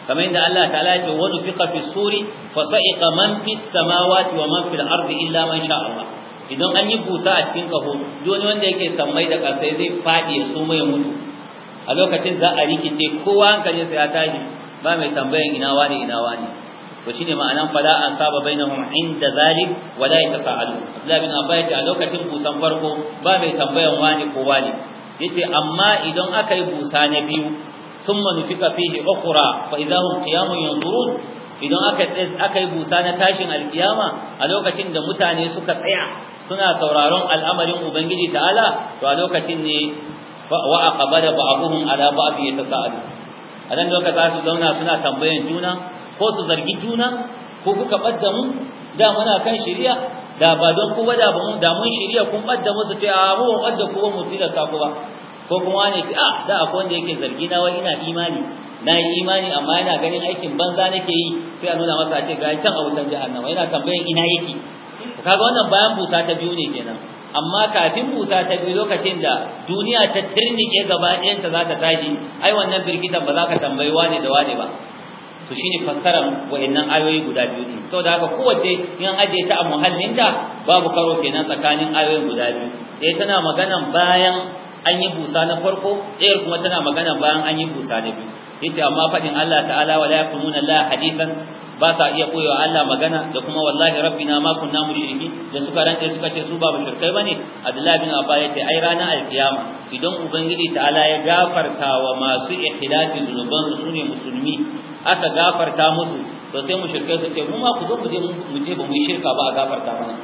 B: kamar yadda Allah ta'ala ce wa nufiqa fi suri fa sa'iqa man fi samawati wa man fil ardi illa man sha Allah idan an yi busa a cikin kafo duk wanda yake sammai da ƙasa zai faɗi ya suma ya mutu a lokacin za a rikice kowa sai ya tashi ba mai tambayan inawa wani inawa ne. to shine ma'anan fala saba bainahum inda zalik wala yatasaalu Abdullah bin Abba a lokacin busan farko ba mai tambayan wani ko wani yace amma idan aka yi busa na biyu thumma nufika fihi ukhra fa idahum qiyamun yanzurun idan aka aka yi busa na tashin alkiyama a lokacin da mutane suka tsaya suna sauraron al'amarin ubangiji ta'ala to a lokacin ne wa aqbala ba'dhum ala ba'd yatasaalu a nan lokacin su zauna suna tambayan juna ko su zargi juna ko kuka ɓadda mu da muna kan shari'a da ba don ku da ba mu da mun shari'a kun ɓadda mu ce a mu ban ku ba mu tilasta ku ba ko kuma ne ce a da akwai wanda yake zargi na wai ina imani na yi imani amma yana ganin aikin banza nake yi sai a nuna masa a ce ga can a wutan jahannama yana tambayan ina yake kaga wannan bayan busa ta biyu ne kenan amma kafin busa ta biyu lokacin da duniya ta tirnike gaba ɗayanta za ta tashi ai wannan birgitan ba za ka tambayi wane da wane ba to shine fassarar wayannan ayoyi guda biyu din saboda haka kowace in ajiye aje ta a muhallinta babu karo kenan tsakanin ayoyin guda biyu eh tana magana bayan an yi busa na farko eh kuma tana magana bayan an yi busa na biyu yace amma fadin Allah ta'ala wala yakununa la hadithan ba sa iya koyewa Allah magana da kuma wallahi rabbina ma kunna mushriki da suka rantse suka ce su ba mushrikai bane Abdullahi bin Abba ya ce ai ranar alkiyama idan ubangiji ala ya gafarta wa masu ikhlasi zunuban su sune musulmi aka gafarta musu to sai mushrikai su ce mu ma ku zo ku je mu je ba mu shirka ba a gafarta mana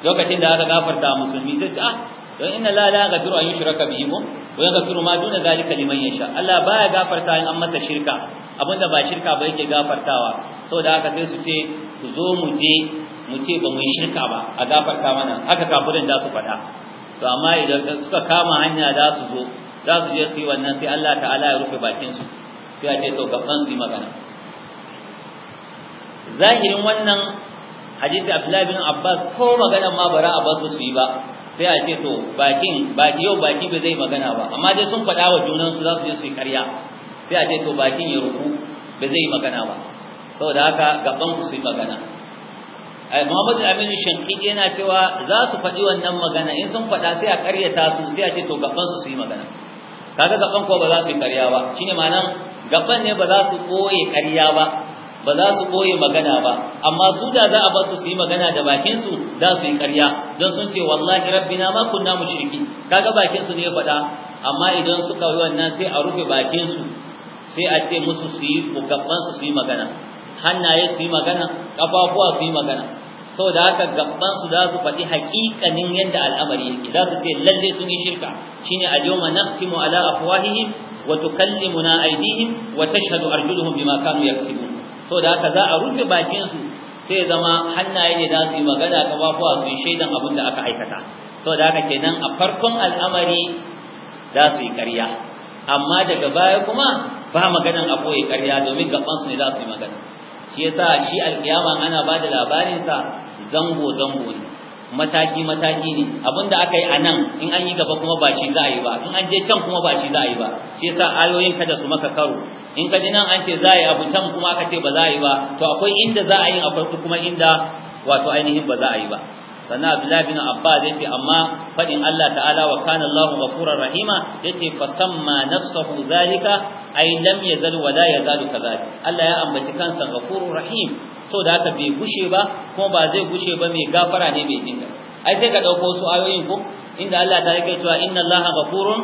B: lokacin da aka gafarta musulmi sai ce ah don inna la la gafiru an yushraka bihi mu wa yaghfiru ma duna zalika liman yasha Allah baya gafarta in an masa shirka abinda ba shirka ba yake gafartawa saboda haka sai su ce ku zo mu je mu ce ba mu yi shirka ba a gafarta mana haka kafirin da su faɗa to amma idan suka kama hanya da su zo za su je su yi wannan sai Allah ta'ala ya rufe bakin su sai a ce to gaban su yi magana zahirin wannan hadisi abdullahi bin abbas ko magana ma bara a basu su yi ba sai a ce to bakin baki yau baki ba zai magana ba amma dai sun faɗa wa junan su za su je su yi karya sai a ce to bakin ya ruku ba zai magana ba saboda haka gaban ku su yi magana Muhammad Aminu Shankidi yana cewa za su faɗi wannan magana in sun faɗa sai a karyata su sai a ce to gaban su su yi magana kaga gaban ko ba za su yi karya ba shine ma'anan gaban ne ba za su ɓoye karya ba ba za su koye magana ba amma su da za a ba su yi magana da bakin su za su yi ƙarya don sun ce wallahi rabbina ma kunna mushriki kaga bakin su ne faɗa amma idan suka yi wannan sai a rufe bakin su sai a ce musu su yi gaban su su yi magana hannaye su yi magana kafafuwa su yi magana saboda haka gaban su za su faɗi haƙiƙanin yadda al'amari yake za su ce lalle sun yi shirka shine al-yawma naqsimu ala afwahihim wa tukallimuna aydihim wa tashhadu arjuluhum bima kanu yaksibun so da haka za a rufe bakin su sai zama hannaye ne za su yi magana kafafuwa su yi shaidan abin da aka aikata so da haka kenan a farkon al'amari za su yi karya amma daga baya kuma ba maganan a boye karya domin gabansu ne za su yi magana shi yasa shi alkiyama ana ba da labarin zango zango ne mataki mataki ne abinda aka yi a nan in an yi gaba kuma ba shi za a yi ba in an je can kuma ba shi za a yi ba shi yasa ayoyin kada su maka karo in ka ji nan an ce za a yi abu can kuma aka ce ba za a yi ba to akwai inda za a yi akwai kuma inda wato ainihin ba za a yi ba sannan abdullahi bin abbas yace amma fadin Allah ta'ala wa kana Allahu ghafurur rahima yace fasamma nafsuhu zalika ay lam yazal wa la yazalu kadhalik Allah ya ambaci kansa ghafurur rahim so da haka bai gushe ba kuma ba zai gushe ba mai gafara ne mai dinga ai sai ka dauko su ayoyin ku? inda Allah ta yake cewa inna Allaha ghafurun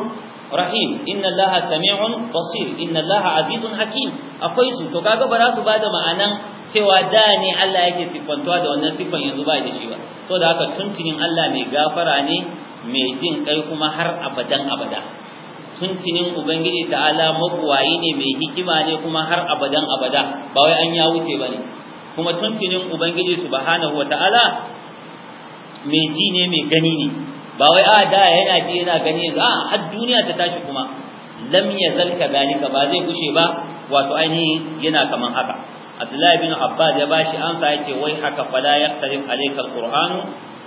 B: rahim inna Allaha sami'un basir inna Allaha azizun hakim akwai su to kaga ba za su bada ma'anan cewa da ne Allah yake siffantuwa da wannan sifan yanzu ba da shi ba so da haka tuntunin Allah mai gafara ne mai jin kai kuma har abadan abada tuntunin ubangiji ta'ala mabuwayi ne mai hikima ne kuma har abadan abada ba wai an ya wuce bane kuma tuntunin ubangiji subhanahu wata'ala mai ji ne mai gani ne ba wai a ah, da yana ji yana gani a ah, har duniya ta tashi kuma lam yazal ka ba zai gushe ba wato ainihin yana kaman haka Abdullahi bin Abbas ya bashi amsa yace wai haka fala yaqtarib alayka alquran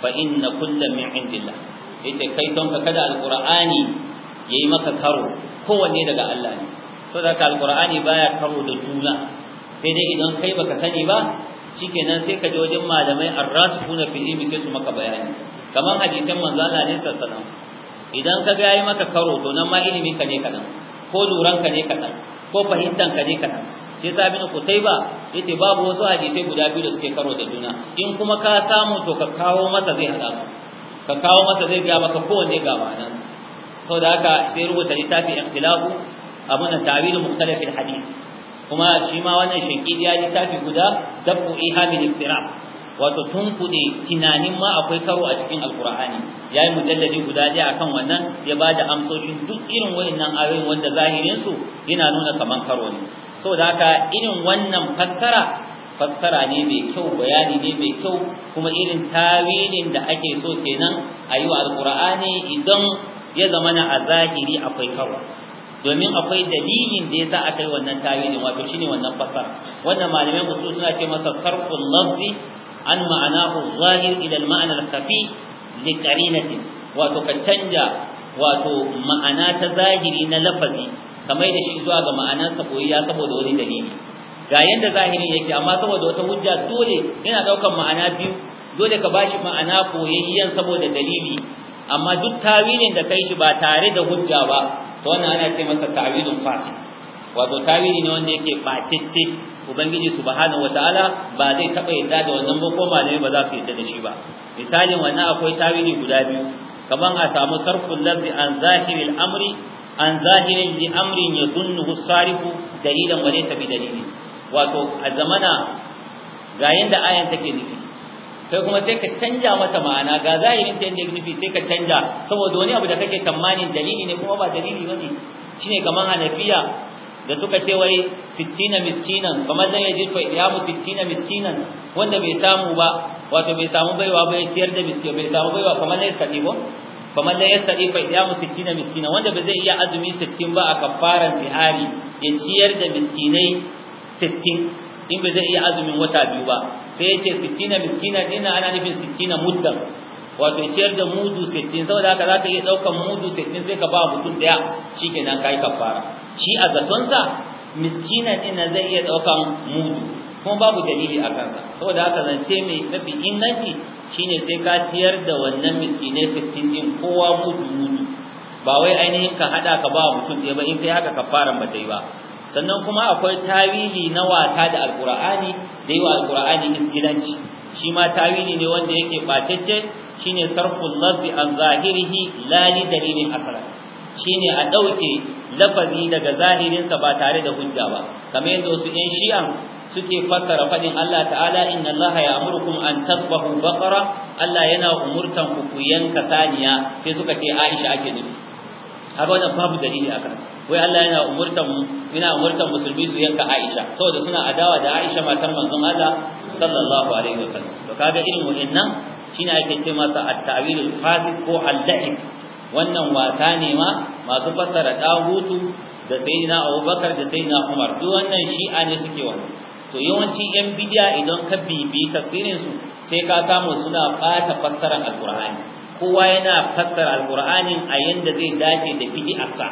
B: fa inna kullam min indillah yace kai don ka kada alqurani yayi maka karo kowanne daga Allah ne saboda alqurani baya karo da juna sai dai idan kai baka sani ba shikenan sai ka je wajen malamai arrasikuna fil ilmi sai su maka bayani kamar hadisan manzo Allah ne sallallahu alaihi idan ka ga yayi maka karo to nan ma ilimin ka ne kadan ko luran ka ne kadan ko fahimtan ka ne kadan shi yasa kutaiba yace babu wasu hadisai guda biyu da suke karo da juna in kuma ka samu to ka kawo masa zai hada su ka kawo masa zai ga maka kowanne ga ma'anar sau haka sai rubuta littafin ikhtilafu abuna da ta'wilu mukhtalafil hadith kuma shi ma wannan shaqiqi ya littafi guda dabu ihamil iftiraq wato tun tunkuɗe tunanin ma akwai karo a cikin alkur'ani ya yi mujalladi guda ɗaya akan wannan ya ba da amsoshin duk irin wa'innan ayoyin wanda zahirinsu yana nuna kamar karo ne saboda haka irin wannan fassara fassara ne mai kyau bayani ne mai kyau kuma irin tawilin da ake so kenan a yi wa alkur'ani idan ya zama na a zahiri akwai karo domin akwai dalilin da ya sa aka yi wannan tawilin wato shine wannan fassara wannan malamai musu suna ce masa sarful lafzi an ma'anahu zahir ila al-ma'na al-khafi li qarinatin wato ka canja wato ma'ana ta zahiri na lafazi kamar da shi zuwa ga ma'anar saboyiya saboda wani dalili ga yanda zahirin yake amma saboda wata hujja dole yana daukan ma'ana biyu dole ka bashi ma'ana koyayyen saboda dalili amma duk tawilin da kai shi ba tare da hujja ba to wannan ana ce masa tawilun fasid wato tawili ne wanda yake bacicce ubangiji subhanahu wataala ba zai taba yadda da wannan ba ko malami ba za su yadda da shi ba misalin wannan akwai tawili guda biyu kaman a samu sarful lafzi an zahiril amri an zahiril li amrin yadhunnuhu sarifu dalilan wa laysa bi dalili wato a zamana ga yanda ayan take nufi kai kuma sai ka canja mata ma'ana ga zahirin ta yanda nufi sai ka canja saboda wani abu da kake tamanin dalili ne kuma ba dalili bane shine kaman hanafiya da suka ce wai 60 miskinan kamar dan yaji fa ya mu 60 miskinan wanda bai samu ba wato bai samu baiwa ba ya ciyar da miski bai samu baiwa kamar da sadi ko kamar da yasta fa ya mu 60 miskina wanda bai zai iya azumi 60 ba a kafaran bihari ya ciyar da miskinai 60 in bai zai iya azumin wata biyu ba sai ya ce 60 miskina dinna ana nufin 60 muddan wato ciyar da mudu 60 saboda haka zaka iya daukan mudu 60 sai ka ba mutum daya shikenan kai kafara shi a zaton sa miskinan din zai iya daukan mudu kuma babu dalili a kansa saboda haka zance mai mafi inganci shine sai ka ciyar da wannan miskinai 60 din kowa mudu mudu ba wai ainihin ka hada ka ba mutum ɗaya ba in kai haka kafaran ba dai ba sannan kuma akwai tawili na wata da alqur'ani da yi wa alqur'ani gidanci shi ma tawili ne wanda yake batacce shine sarful lafzi an zahirihi la li dalilin asra shine a dauke lafazi daga zahirinsa ba tare da hujja ba kamar yadda wasu yan shi'an suke fassara fadin Allah ta'ala inna Allah ya'murukum an tadhbahu baqara Allah yana umurtan ku ku yanka saniya sai suka ce Aisha ake nufi Haka wajen babu dalili a kansa wai Allah yana umurtan yana umurtan musulmi su yanka Aisha saboda suna adawa da Aisha matar manzon Allah sallallahu alaihi wasallam to kaga irin wannan shine ake ce masa at-ta'wilul fasid ko al wannan wasa ne ma masu fassara dahutu da sayyidina Abubakar da sayyidina Umar duk wannan shi'a ne suke wannan to yawanci yan bidiya idan ka bibi tafsirin su sai ka samu suna bata fassaran qurani kowa yana fassara alqur'anin a yanda zai dace da asa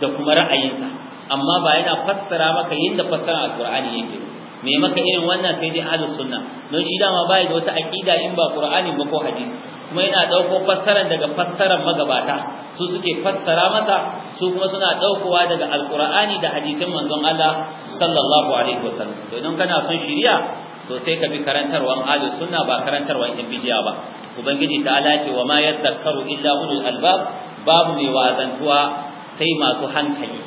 B: da kuma ra'ayinsa amma ba yana fassara maka yanda fassara alqur'ani yake me maka irin wannan sai dai ahlus sunna don shi dama bai da wata aqida in ba qur'ani ba ko hadisi kuma yana dauko fassaran daga fassaran magabata su suke fassara masa su kuma suna daukowa daga alqur'ani da hadisin manzon Allah sallallahu alaihi wasallam to idan kana son shari'a to sai ka bi karantarwan ahlus sunna ba karantarwan yan bidiya ba ubangiji ta ala ce wa ma yadhakkaru illa ulul albab babu mai wa'azantuwa sai masu hankali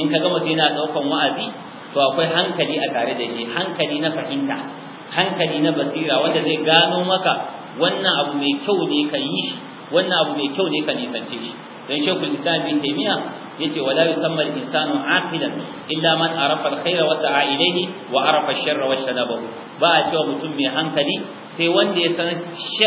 B: in ka gama yana daukan wa'azi to akwai hankali a tare da shi hankali na fahimta hankali na basira wanda zai gano maka wannan abu mai kyau ne ka yi shi wannan abu mai kyau ne ka nisance shi dan shekul islam bin taymiya yace wala yusamma al-insanu aqilan illa man arafa al-khayra wa sa'a ilayhi wa arafa ash-sharra wa shanabahu ba a cewa mutum mai hankali sai wanda ya san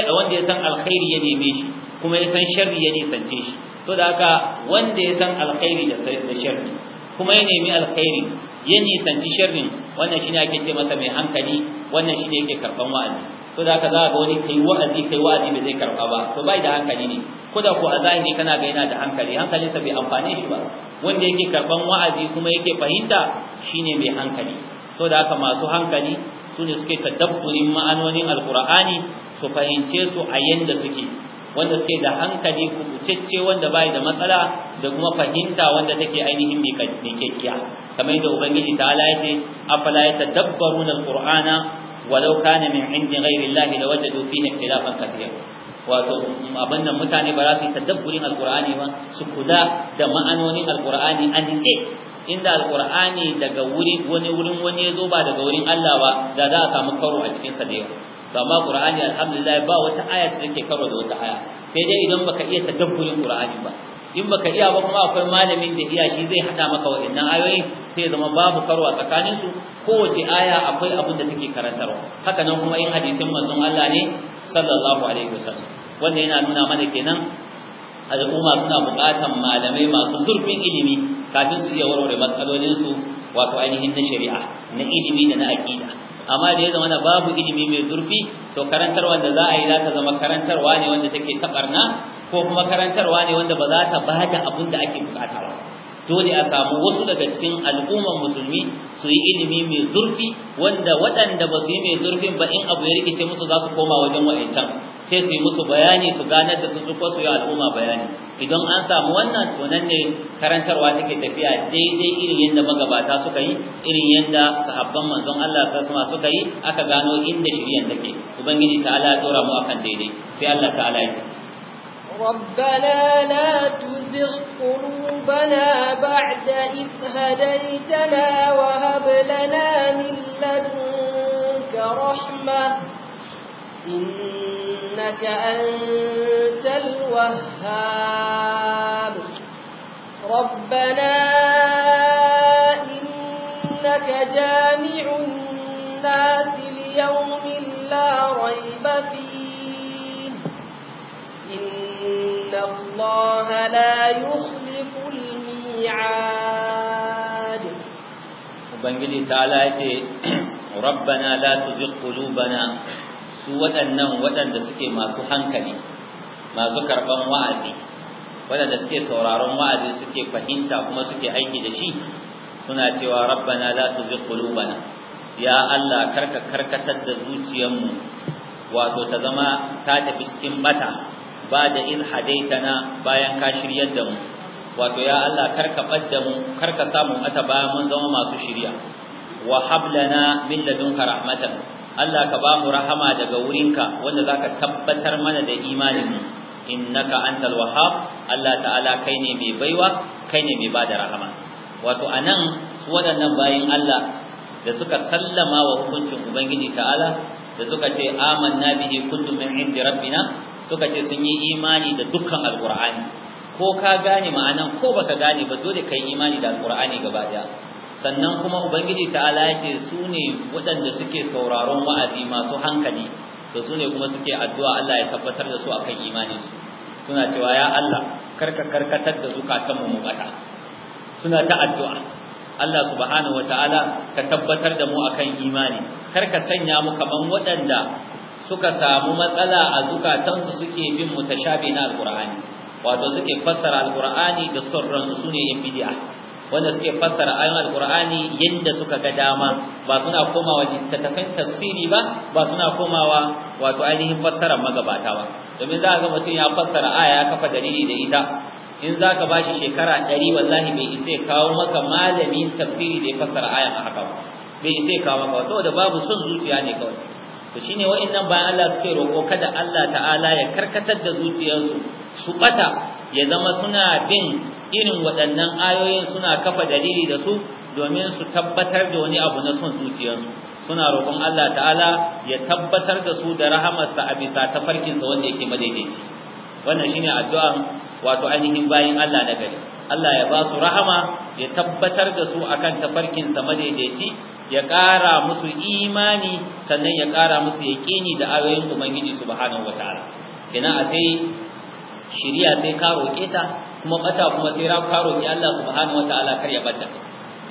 B: wanda ya san alkhairi ya neme shi kuma ya san sharri ya nisance shi to da haka wanda ya san alkhairi da sharri kuma ya nemi alkhairi ya nisanci sharrin wannan shine ake ce masa mai hankali wannan shine yake karban wa'azi so da haka za ga wani kai wa'azi kai wa'azi bai zai karba ba to bai da hankali ne ko da ko a zahiri kana ga yana da hankali hankalinsa bai amfane shi ba wanda yake karban wa'azi kuma yake fahimta shine mai hankali so da haka masu hankali su ne suke tadabburin ma'anonin alqur'ani su fahimce su a yanda suke wanda suke da hankali kubucecce wanda bai da matsala da kuma fahimta wanda take ainihin mai kekkiya kamar yadda ubangiji ta ala yace afala yatadabbaruna alqur'ana walau kana min indi ghairi llahi lawajadu fihi ikhtilafan kathira wato abin nan mutane ba za su yi tadabburin alqur'ani ba su kula da ma'anonin alqur'ani an inda alqur'ani daga wuri wani wurin wani ya zo ba daga wurin Allah ba da za a samu karo a cikin sa da yawa to amma qur'ani alhamdulillah ba wata aya da take karo da wata aya sai dai idan baka iya tadabburin qur'ani ba in baka iya ba kuma akwai malamin da iya shi zai hada maka wa'annan ayoyi sai zama babu karwa tsakanin su kowace aya akwai abin da take karantarwa haka nan kuma in hadisin manzon Allah ne sallallahu alaihi wasallam Wanda yana nuna mana kenan al'umma suna buƙatan malamai masu zurfin ilimi kafin su iya warware matsalolinsu wato ainihin na shari'a na ilimi da na aƙida amma da ya zama na babu ilimi mai zurfi to karantarwa da za a yi za ta zama karantarwa ne wanda take tabarna ko kuma karantarwa ne wanda ba za ta bada abin da ake bukata ba dole a samu wasu daga cikin al'ummar musulmi su yi ilimi mai zurfi wanda waɗanda ba su yi mai zurfin ba in abu ya rikice musu za su koma wajen wa'ancan sai su yi musu bayani su ganar da su su su yi al'umma bayani idan an samu wannan to ne karantarwa take tafiya daidai irin yadda magabata suka yi irin yadda sahabban manzon Allah sassuma suka yi aka gano inda shiryan take ubangiji ta'ala ya dora mu akan daidai sai Allah ta'ala ya
A: ربنا لا تزغ قلوبنا بعد إذ هديتنا وهب لنا من لدنك رحمة إنك أنت الوهاب ربنا إنك جامع الناس ليوم لا ريب فيه إن الله لا يخلف الميعاد
B: وبنجلي تعالى ربنا لا تزغ قلوبنا su waɗannan waɗanda suke masu hankali masu karɓan wa'azi waɗanda suke sauraron wa'azi suke fahimta kuma suke aiki da shi suna cewa rabbana la tuzigh qulubana ya Allah karka karkatar da zuciyarmu wato ta zama ta tafi cikin bata ba da in hadaitana bayan ka shiryar da mu wato ya Allah karka badda mu karka samu ata bayan mun zama masu shirya wa hablana min ladunka rahmatan Allah ka ba mu rahama daga wurinka wanda zaka tabbatar mana da imanin mu innaka antal wahhab Allah ta'ala kai ne mai baiwa kai ne mai bada rahama wato anan su waɗannan bayin Allah da suka sallama wa hukuncin ubangiji ta'ala da suka ce amanna bihi kullu min indi rabbina suka ce sun yi imani da dukkan alqur'ani ko ka gane ma'anan ko baka gane ba dole kai imani da alqur'ani gaba daya sannan kuma ubangiji ta'ala yake su ne waɗanda suke sauraron wa'azi masu hankali to su ne kuma suke addu'a Allah ya tabbatar da su akan imani su suna cewa ya Allah karka karkatar da zukatan mu mubata suna ta addu'a Allah subhanahu wataala ka tabbatar da mu akan imani kar ka sanya mu kaman waɗanda suka samu matsala a zukatansu suke bin mutashabi na alqur'ani wato suke fassara alqur'ani da surran su ne yan bid'a wanda suke fassara ayoyin alqur'ani yanda suka ga dama ba suna komawa littattafan tafsiri ba ba suna komawa wato ainihin fassara magabata ba domin za a ga mutum ya fassara aya ya kafa dalili da ita in za ka ba shi shekara ɗari wallahi bai isa kawo maka malamin tafsiri da ya fassara aya a haka bai isa kawo maka saboda babu son zuciya ne kawai to shine wa'annan bayan Allah suke roƙo kada Allah ta'ala ya karkatar da zuciyarsu su bata ya zama suna bin irin waɗannan ayoyin suna kafa dalili da su domin su tabbatar da wani abu na son zuciyarsu suna roƙon Allah ta'ala ya tabbatar da su da rahamarsa a bisa tafarkinsa wanda yake madaidaici wannan shine addu'a. wato ainihin bayin Allah na gari Allah ya ba su rahama ya tabbatar da su akan tafarkin sa madaidaici ya ƙara musu imani sannan ya ƙara musu yaƙini da ayoyin ubangiji subhanahu wataala kina a sai shiriya sai ka roƙe ta kuma bata kuma sai ra ka roƙi Allah subhanahu wataala kar ya bata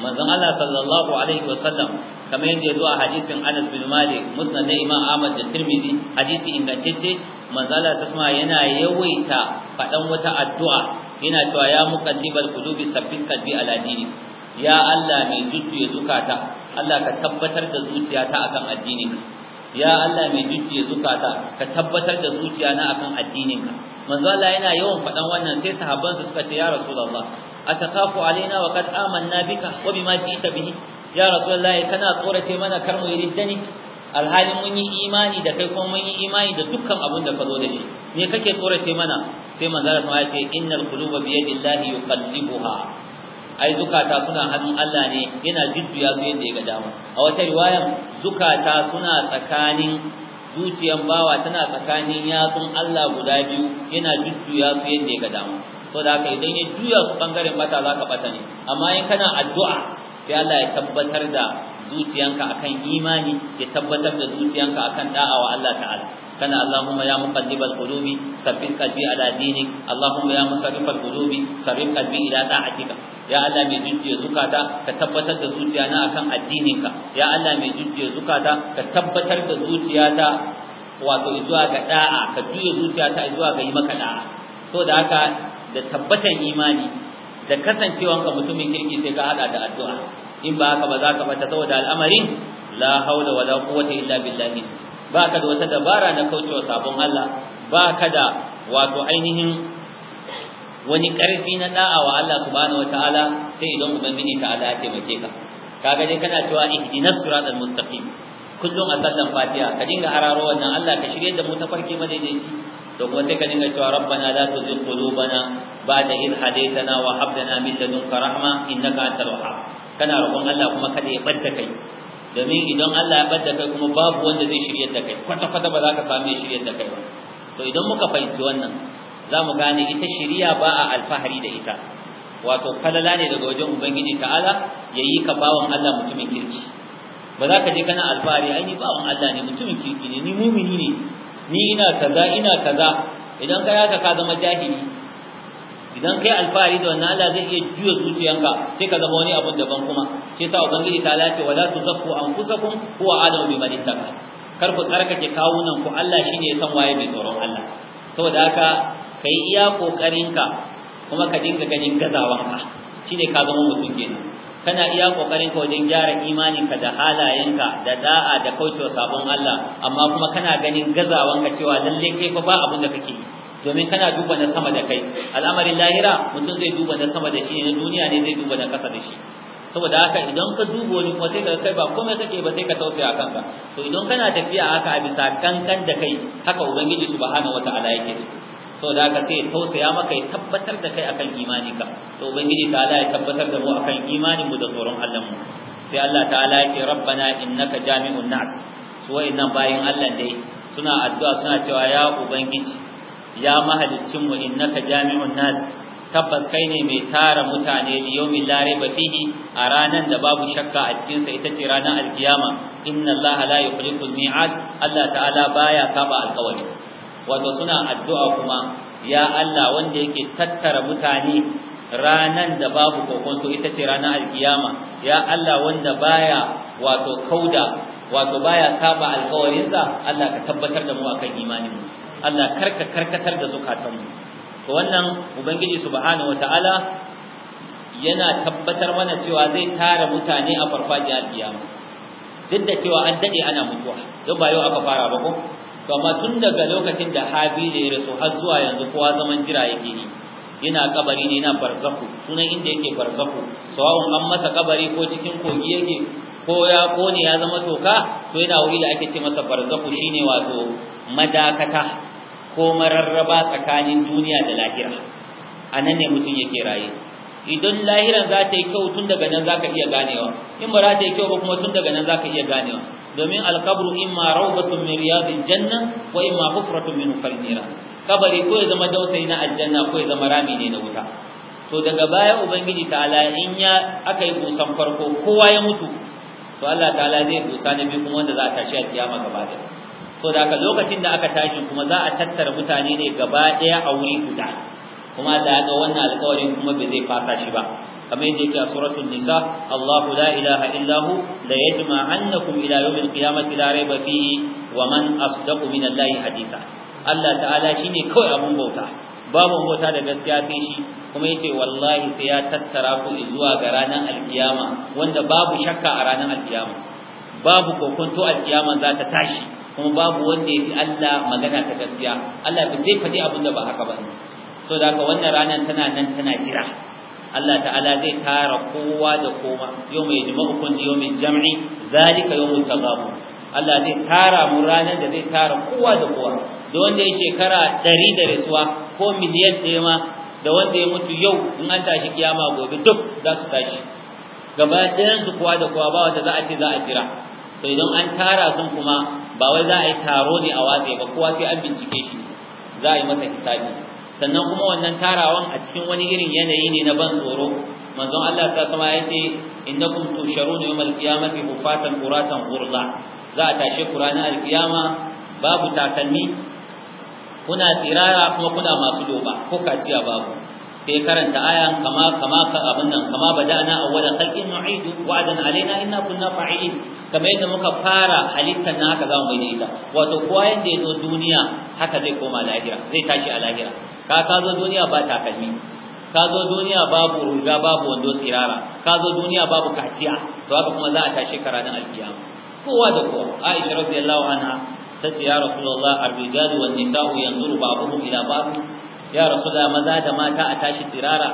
B: manzon Allah sallallahu alaihi wasallam kamar yadda ya zo a hadisin Anas bin Malik musnad na Imam Ahmad da Tirmidhi hadisi ingantacce manzon Allah sasma yana yawaita faɗan wata addu'a yana cewa ya muqallibal qulubi sabbin kalbi a Ladini. ya Allah mai jujjuya zukata Allah ka tabbatar da zuciyata akan addininka ya Allah mai jujjuya zukata ka tabbatar da zuciyana akan addininka manzo Allah yana yawan faɗan wannan sai sahabban su suka ce ya rasulullah atakafu alaina wa qad amanna bika wa bima ji'ta bihi ya rasulullah kana tsorace mana kar mu yi alhalin mun yi imani da kai kuma mun yi imani da dukkan abin da ka zo da shi me kake tsorace mana sai manzara sama ya ce innal quluba bi yadillahi yuqallibuha ai zukata suna hannun Allah ne yana jujjuya su yadda ya ga dama a wata riwaya zukata suna tsakanin zuciyar bawa tana tsakanin yatsun Allah guda biyu yana jujjuya su yadda ya ga dama saboda haka idan ya juya su bangaren bata ka bata ne amma in kana addu'a sai Allah ya tabbatar da zuciyanka akan imani ya tabbatar da zuciyanka akan da'a wa Allah ta'ala kana Allahumma ya muqallibal qulubi sabbin qalbi ala dinik Allahumma ya musarrifal qulubi sarrif qalbi ila ta'atika ya Allah mai jujjuya zukata ka tabbatar da zuciyana akan addininka ya Allah mai jujjuya zukata ka tabbatar da zuciyata wato zuwa ga da'a ka juya zuciyata zuwa ga yi maka da'a so da haka da tabbatan imani da kasancewanka mutumin kirki sai ka hada da addu'a in ba haka ba za ka bata saboda al'amarin la haula wala quwwata illa billahi ba ka da wata dabara na kaucewa sabon Allah ba ka da wato ainihin wani karfi na da'a wa Allah subhanahu wataala sai idan ubangiji ta Allah ya taimake ka kaga dai kana cewa ihdinas siratal mustaqim kullum a sallan fatiha ka dinga araro wannan Allah ka shirye da mu ta farke madaidaici to kuma sai ka dinga cewa rabbana la tuzigh qulubana ba'da idh hadaytana wa hab lana min ladunka rahma innaka antal wahhab kana roƙon Allah kuma kada ya badda kai domin idan Allah ya badda kai kuma babu wanda zai shiryar da kai kwata kwata ba za ka same shiryar da kai ba to idan muka fahimci wannan za mu gane ita shiriya ba a alfahari da ita wato falala ne daga wajen ubangiji ta'ala yayi ka bawan Allah mutumin kirki ba za ka je kana alfahari ai ni bawan Allah ne mutumin kirki ne ni mumini ne ni ina kaza ina kaza idan ka yaka ka zama jahili idan kai alfahari da wannan Allah zai iya juya zuciyanka sai ka zama wani abu daban kuma shi yasa ubangiji ta lace wala tusaffu anfusakum huwa a'lamu biman ittaqa kar ku tsarkake kawunan ku Allah shine ya san waye mai tsoron Allah saboda haka kai iya kokarinka kuma ka dinga ganin gazawanka shine ka zama mutum kenan kana iya kokarin ka wajen gyara imaninka da halayenka da da'a da kaucewa sabon Allah amma kuma kana ganin gazawanka cewa lalle kai fa ba abin da kake yi domin kana duba na sama da kai al'amarin lahira mutum zai duba na sama da shi na duniya ne zai duba na ƙasa da shi saboda haka idan ka duba wani kuma sai ka kai ba komai kake ba sai ka tausaya ka, to idan kana tafiya haka a bisa kankan da kai haka ubangiji subhanahu wataala yake so saboda haka sai tausaya maka ya tabbatar da kai akan imani ka to ubangiji ta'ala ya tabbatar da mu akan imanin mu da tsoron Allah mu sai Allah ta'ala ya ce rabbana innaka jami'un nas su wa'annan bayin Allah dai suna addu'a suna cewa ya ubangiji ya mahalicin mu innaka jami'un nas tabbas kai ne mai tara mutane li yawmin la raiba fihi a ranan da babu shakka a cikin sa ita ce ranar alkiyama inna allaha la yukhliqul mi'ad Allah ta'ala baya saba alkawari wato suna addu'a kuma ya Allah wanda yake tattara mutane ranan da babu kokonto ita ce ranar alkiyama ya Allah wanda baya wato kauda wato baya saba alkawarinsa Allah ka tabbatar da mu akan imaninmu. Allah karka karkatar da zukatanmu to wannan ubangiji subhanahu wataala yana tabbatar mana cewa zai tara mutane a farfajiyar kiyama duk da cewa an dade ana mutuwa don ba yau aka fara ba ko to amma tun daga lokacin da Habilu ya rasu har zuwa yanzu kowa zaman jira yake ni, yana kabari ne yana barzaku sunan inda yake barzaku sawaun an masa kabari ko cikin kogi yake ko ya kone ya zama toka to yana wuri da ake ce masa barzaku shine wato madakata ko mararraba tsakanin duniya da lahira a nan ne mutum yake raye idan lahiran za ta yi kyau tun daga nan za ka iya ganewa in ba za ta yi kyau ba kuma tun daga nan za ka iya ganewa domin alkabru imma rawbatun min riyadil janna wa imma hufratun min nira kabari ko ya zama dausayi na aljanna ko ya zama rami ne na wuta to daga baya ubangiji ta'ala in ya aka yi busan farko kowa ya mutu to Allah ta'ala zai busa na biyu kuma wanda za a tashi a kiyama gaba da so da haka lokacin da aka tashi kuma za a tattara mutane ne gaba daya a wuri guda kuma da ga wannan alƙawarin kuma bai zai fasa shi ba kamar yadda yake a suratul nisa Allahu la ilaha illa hu la yajma'annakum ila yawmil qiyamati la rayba fihi wa man asdaqu min Allahi hadisa Allah ta'ala shine kawai abun bauta babu bauta da gaskiya sai shi kuma yace wallahi sai ya tattara ku zuwa ga ranar alƙiyama, wanda babu shakka a ranar alƙiyama, babu kokonto alƙiyama za ta tashi kuma babu wanda ya fi Allah magana ta gaskiya Allah ba zai faɗi abin da ba haka ba so da haka wannan ranar tana nan tana jira Allah ta'ala zai tara kowa da kowa yau mai jima'ukun yau mai jam'i zalika yau babu. Allah zai tara mu ranar da zai tara kowa da kowa da wanda ya shekara ɗari da rasuwa ko miliyan ɗaya ma da wanda ya mutu yau in an tashi kiyama gobe duk za su tashi gaba ɗayan su kowa da kowa ba wanda za a ce za a jira to idan an tara sun kuma ba wai za a yi taro ne a watse ba kowa sai an bincike shi za a yi masa hisabi sannan kuma wannan tarawan a cikin wani irin yanayi ne na ban tsoro manzon Allah sa sama ya ce innakum tusharun yawmal qiyamati hufatan uratan ghurza za a tashe ku ranar alkiyama babu takalmi kuna tsirara kuma kuna masu doba ko kaciya babu sai karanta aya kama kama ka abin nan kama bada'na awwala khalqin nu'idu wa'dan alaina inna kunna fa'ilin kamar yadda muka fara halittar na haka zamu mai ita wato kowa yanda ya zo duniya haka zai koma lahira zai tashi a lahira ka ka zo duniya ba takalmi ka zo duniya babu riga babu wando tsirara ka zo duniya babu kaciya to haka kuma za a tashi ka ranar alkiyama kowa da kowa aisha radiyallahu anha tace ya rasulullah ar-rijalu wan nisa'u yanzuru ba'dhum ila ba'd ya rasu da maza da mata a tashi tsirara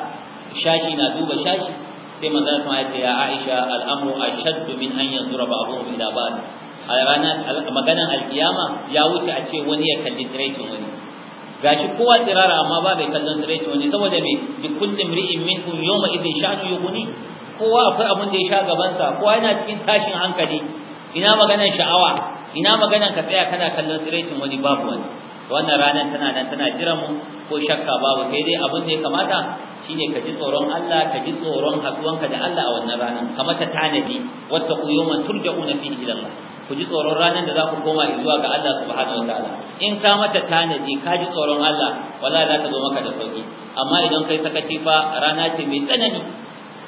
B: shaki na duba shaki sai manzo sama ya ce ya Aisha al'amru ashaddu min an yanzura ba'dhum ila ba'd a ranar maganar alkiyama ya wuce a ce wani ya kalli tsiraicin wani gashi kowa tsirara amma ba bai kallon tsiraicin wani saboda me bi kulli mri'in minhum yawma idhin sha'nu ya yughni kowa akwai abin da ya sha gabansa kowa yana cikin tashin hankali ina maganar sha'awa ina maganar ka tsaya kana kallon tsiraicin wani babu wani wannan ranar tana nan tana jira mu ko shakka babu sai dai abin da ya kamata shine ka ji tsoron Allah ka ji tsoron haduwanka da Allah a wannan ranar kamar ta tanadi wattaqu yawman turja'una fihi ila Allah ku ji tsoron ranar da za ku koma zuwa ga Allah subhanahu wataala in ka mata tanadi ka ji tsoron Allah wallahi za ta zo maka da sauki amma idan kai sakaci fa rana ce mai tsanani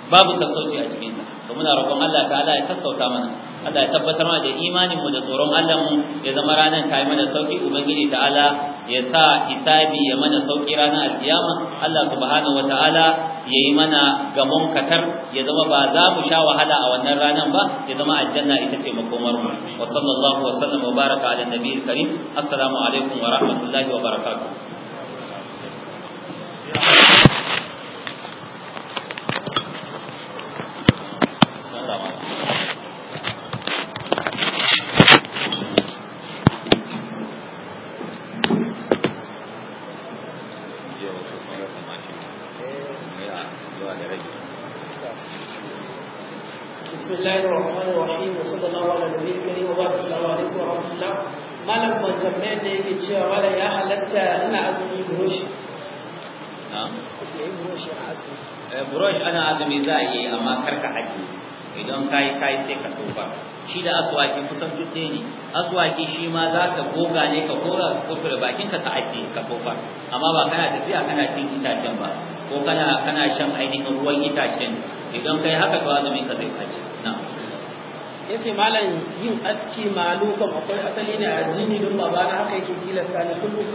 B: babu sassauci a cikin to muna roƙon Allah ta'ala ya sassauta mana Allah ya tabbatar mana da imanin mu da tsoron Allah mu ya zama ranar kai mana sauki ubangiji ta'ala ya sa hisabi ya mana sauki ranar alkiyama Allah subhanahu wata'ala ya yi mana gamon katar ya zama ba za mu sha wahala a wannan ranar ba ya zama aljanna ita ce makomar mu wa sallallahu wa sallam wa baraka ala nabiyil karim assalamu alaikum wa rahmatullahi wa barakatuh بسم الله
C: الرحمن الرحيم وصلى الله على النبي الكريم وبارك السلام عليكم ورحمه الله malam ban tambayar da yake cewa wala ya halatta ina azumi buroshi na'am buroshi ana azumi za
B: a yi amma karka haƙi idan kai kai sai ka tuba shi da aswaki kusan duk ne aswaki shi ma za ka goga ne ka kora kofar bakin ka ta aje ka tofa amma ba kana tafiya kana cin itacen ba ko kana kana shan ainihin ruwan itacen idan kai haka to azumin ka zai fashi na'am
C: ya malam yin aski malukan akwai asali ne a addini don ba na haka yake tilasta ni kullum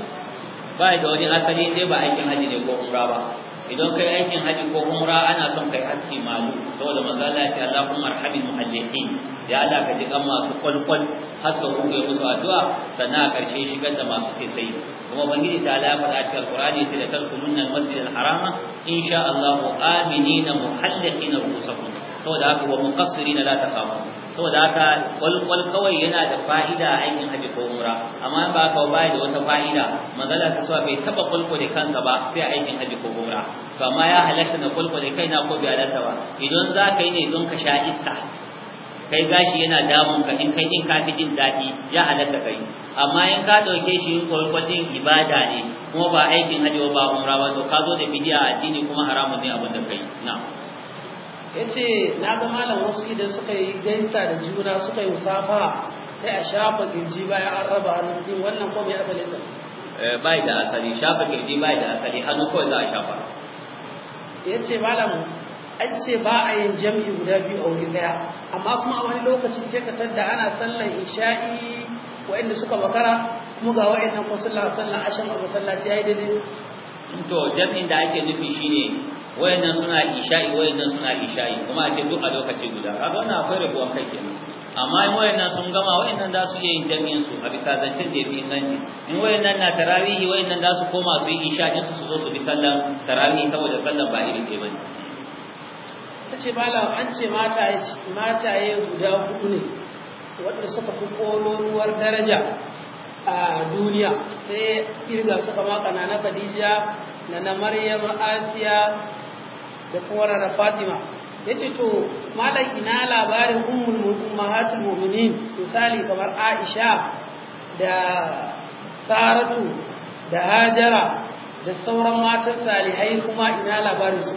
B: ba da wani asali sai ba aikin haji ne ko umra ba idan kai aikin haji ko umra ana son kai aski malu saboda manzo Allah ya ce Allahu marhamin muhajjin ya Allah ka ji masu kwalkwal har su ruga musu addu'a sannan a karshe shigar da masu sai kuma bangiji ta Allah faɗa cikin Qur'ani sai da tarkumun al-masjid al-harama insha Allah aminina muhalliqina rusukum saboda haka wa muqassirina la taqamu saboda haka kwalkwal kawai yana da fa'ida a aikin haji ko umra amma ba ka ba da wata fa'ida magana sa suwa bai taba kwalkwale kanka ba sai a aikin haji ko umra to amma ya halatta na kwalkwale kaina ko bai halatta ba idan za ka yi ne don ka sha iska kai gashi yana damun ka in kai in ka fi jin dadi ya halatta kai amma in ka ɗauke shi kwalkwalin ibada ne kuma ba aikin haji ba umra ba to ka zo da bidiya addini kuma haramun ne abin da kai na'am
C: ya ce na ga malam wasu idan suka yi gaisa da juna suka yi musafa sai a shafa kirji bayan an raba hannun biyu wannan ko bai asali ta
B: eh, bai da asali shafa kirji bai da asali hannu kawai za a shafa
C: ya ce malam an ce ba a yin jam'i guda biyu a wuri daya amma kuma wani lokaci sai ka tadda ana sallan isha'i wa'inda suka makara kuma ga wa'annan ko sallah sallan ashan abu sallah ya yi daidai
B: to jam'in da ake nufi shine wayannan suna isha'i wayannan suna isha'i kuma a ce duk a lokaci guda kaga wannan akwai rabuwa kai kenan amma in wayannan sun gama wayannan za su iya yin jami'in su a bisa zancen da yafi inganci in wayannan na tarawihi wayannan za su koma su yi isha'i su zo su bi sallan tarawihi saboda sallan ba iri kai bane
C: ce, malam an ce mataye mataye guda hudu ne wanda suka fi kololuwar daraja a duniya sai kirga suka ma kana na Khadija na na Maryam Asiya da kuma rana Fatima yace to malam ina labarin ummul ummahatul mu'minin misali kamar Aisha da Saratu da Hajara da sauran matan salihai kuma
B: ina labarin su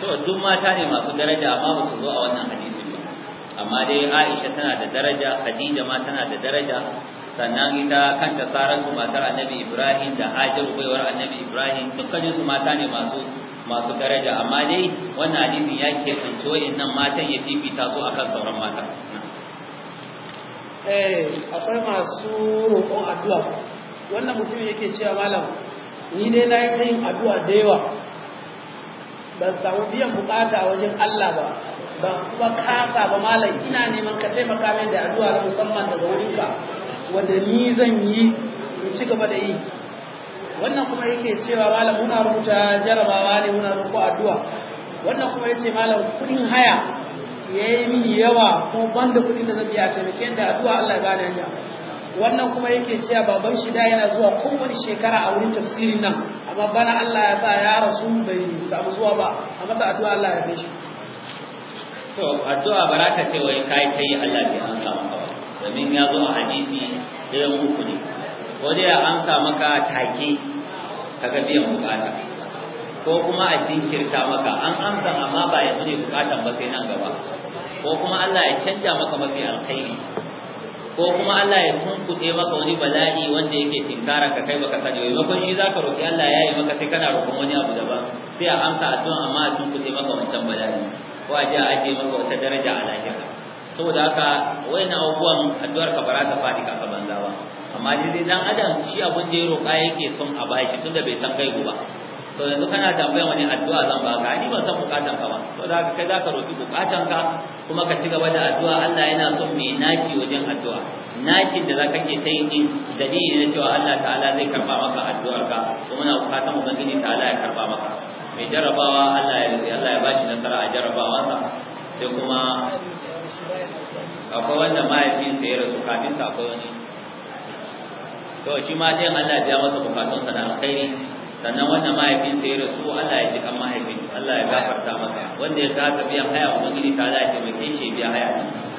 B: to duk mata ne masu daraja amma ba su zo a wannan hadisi ba amma dai Aisha tana da daraja Khadija ma tana da daraja sannan ita kanta Saratu matar Annabi Ibrahim da Hajaru baiwar Annabi Ibrahim dukkanin su mata ne masu masu daraja amma dai wannan hadisi ya ke tsanci nan matan ya fifita su akan sauran mata
C: eh akwai masu roƙon addu'a wannan mutumin yake cewa malam ni dai na yi ta addu'a da yawa ban samu biyan bukata a wajen Allah ba ban kuma kasa ba malam ina neman ka taimaka min da addu'a musamman daga wurinka wanda ni zan yi in ci gaba da yi wannan kuma yake cewa malam muna rubuta jarabawa ne muna rubuta addu'a wannan kuma yace malam kudin haya yayi mini yawa ko banda kudin da zan biya taimake da addu'a Allah ya bani hanya wannan kuma yake cewa baban shi da yana zuwa kowace shekara a wurin tafsirin nan amma bana Allah ya sa ya rasu bai samu zuwa ba amma da addu'a Allah ya bi shi
B: to addu'a baraka ce wai kai kai Allah ya amsa maka domin ya zo a hadisi irin uku ne ko dai ya amsa maka take kaga biyan bukata ko kuma a jinkirta maka an amsa amma ba ya bude bukatan ba sai nan gaba ko kuma Allah ya canja maka mafi alkhairi ko kuma Allah ya tunkuɗe maka wani bala'i wanda yake tinkara ka kai baka sani maimakon shi zaka roki Allah ya yi maka sai kana roƙon wani abu daban sai a amsa addu'a amma a tunkuɗe maka wancan bala'i ko a je a ajiye maka wata daraja a lahira saboda haka wayannan abubuwan addu'ar ka bara ta faɗi ka banza ba amma dai dan adam shi abun da ya roƙa yake son a baki tunda bai san kai ba to yanzu kana tambaya wani addu'a zan ba ka ni ban san bukatan ka ba to da kai zaka roki bukatan ka kuma ka ci gaba da addu'a Allah yana son me naki wajen addu'a nakin da zaka ke ta yi dalili ne cewa Allah ta'ala zai karba maka addu'ar ka kuma na bukatan ubangiji ta'ala ya karba maka mai jarabawa Allah ya Allah ya bashi nasara a sa sai kuma
C: akwai wanda mahaifinsa ya rasu kafin
B: sa akwai wani to shi ma dai Allah ya masa bukatun sa kai alkhairi sannan wannan mahaifin sai rasu Allah ya ji kan mahaifin Allah ya gafarta masa wanda ya ta biyan haya ubangiji ta Allah ya taimake shi biya haya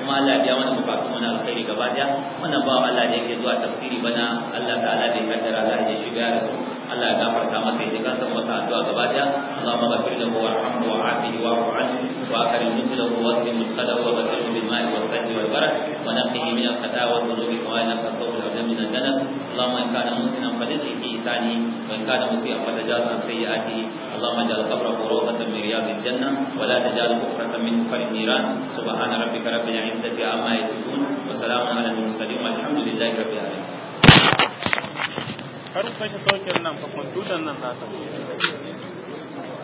B: kuma Allah ya biya mana bukatun alkhairi gaba daya wannan ba Allah da yake zuwa tafsiri bana Allah ta'ala bai kaddara Allah ya shiga ya rasu Allah ya gafarta masa ya kan san masa addu'a gaba daya Allah ma gafir da warhamhu wa'afihi wa anhu wa wa akrim muslim wa azim nuslahu wa ghafir bil ma'i wa fadli wal barak wa naqqihi min al khata' wa dhunubi wa yanqqa al wa al-azim min al-danas Allahumma in kana musliman fadhihi bi wa in kana musii'an fadajaz an sayyi'atihi اللهم اجعل قبره روضة من رياض الجنة ولا تجعل كفرة من كفر النيران سبحان ربك رب العزة عما يصفون وسلام على المرسلين والحمد لله رب العالمين
A: kar ku kashe saukin nan ka kwamfutan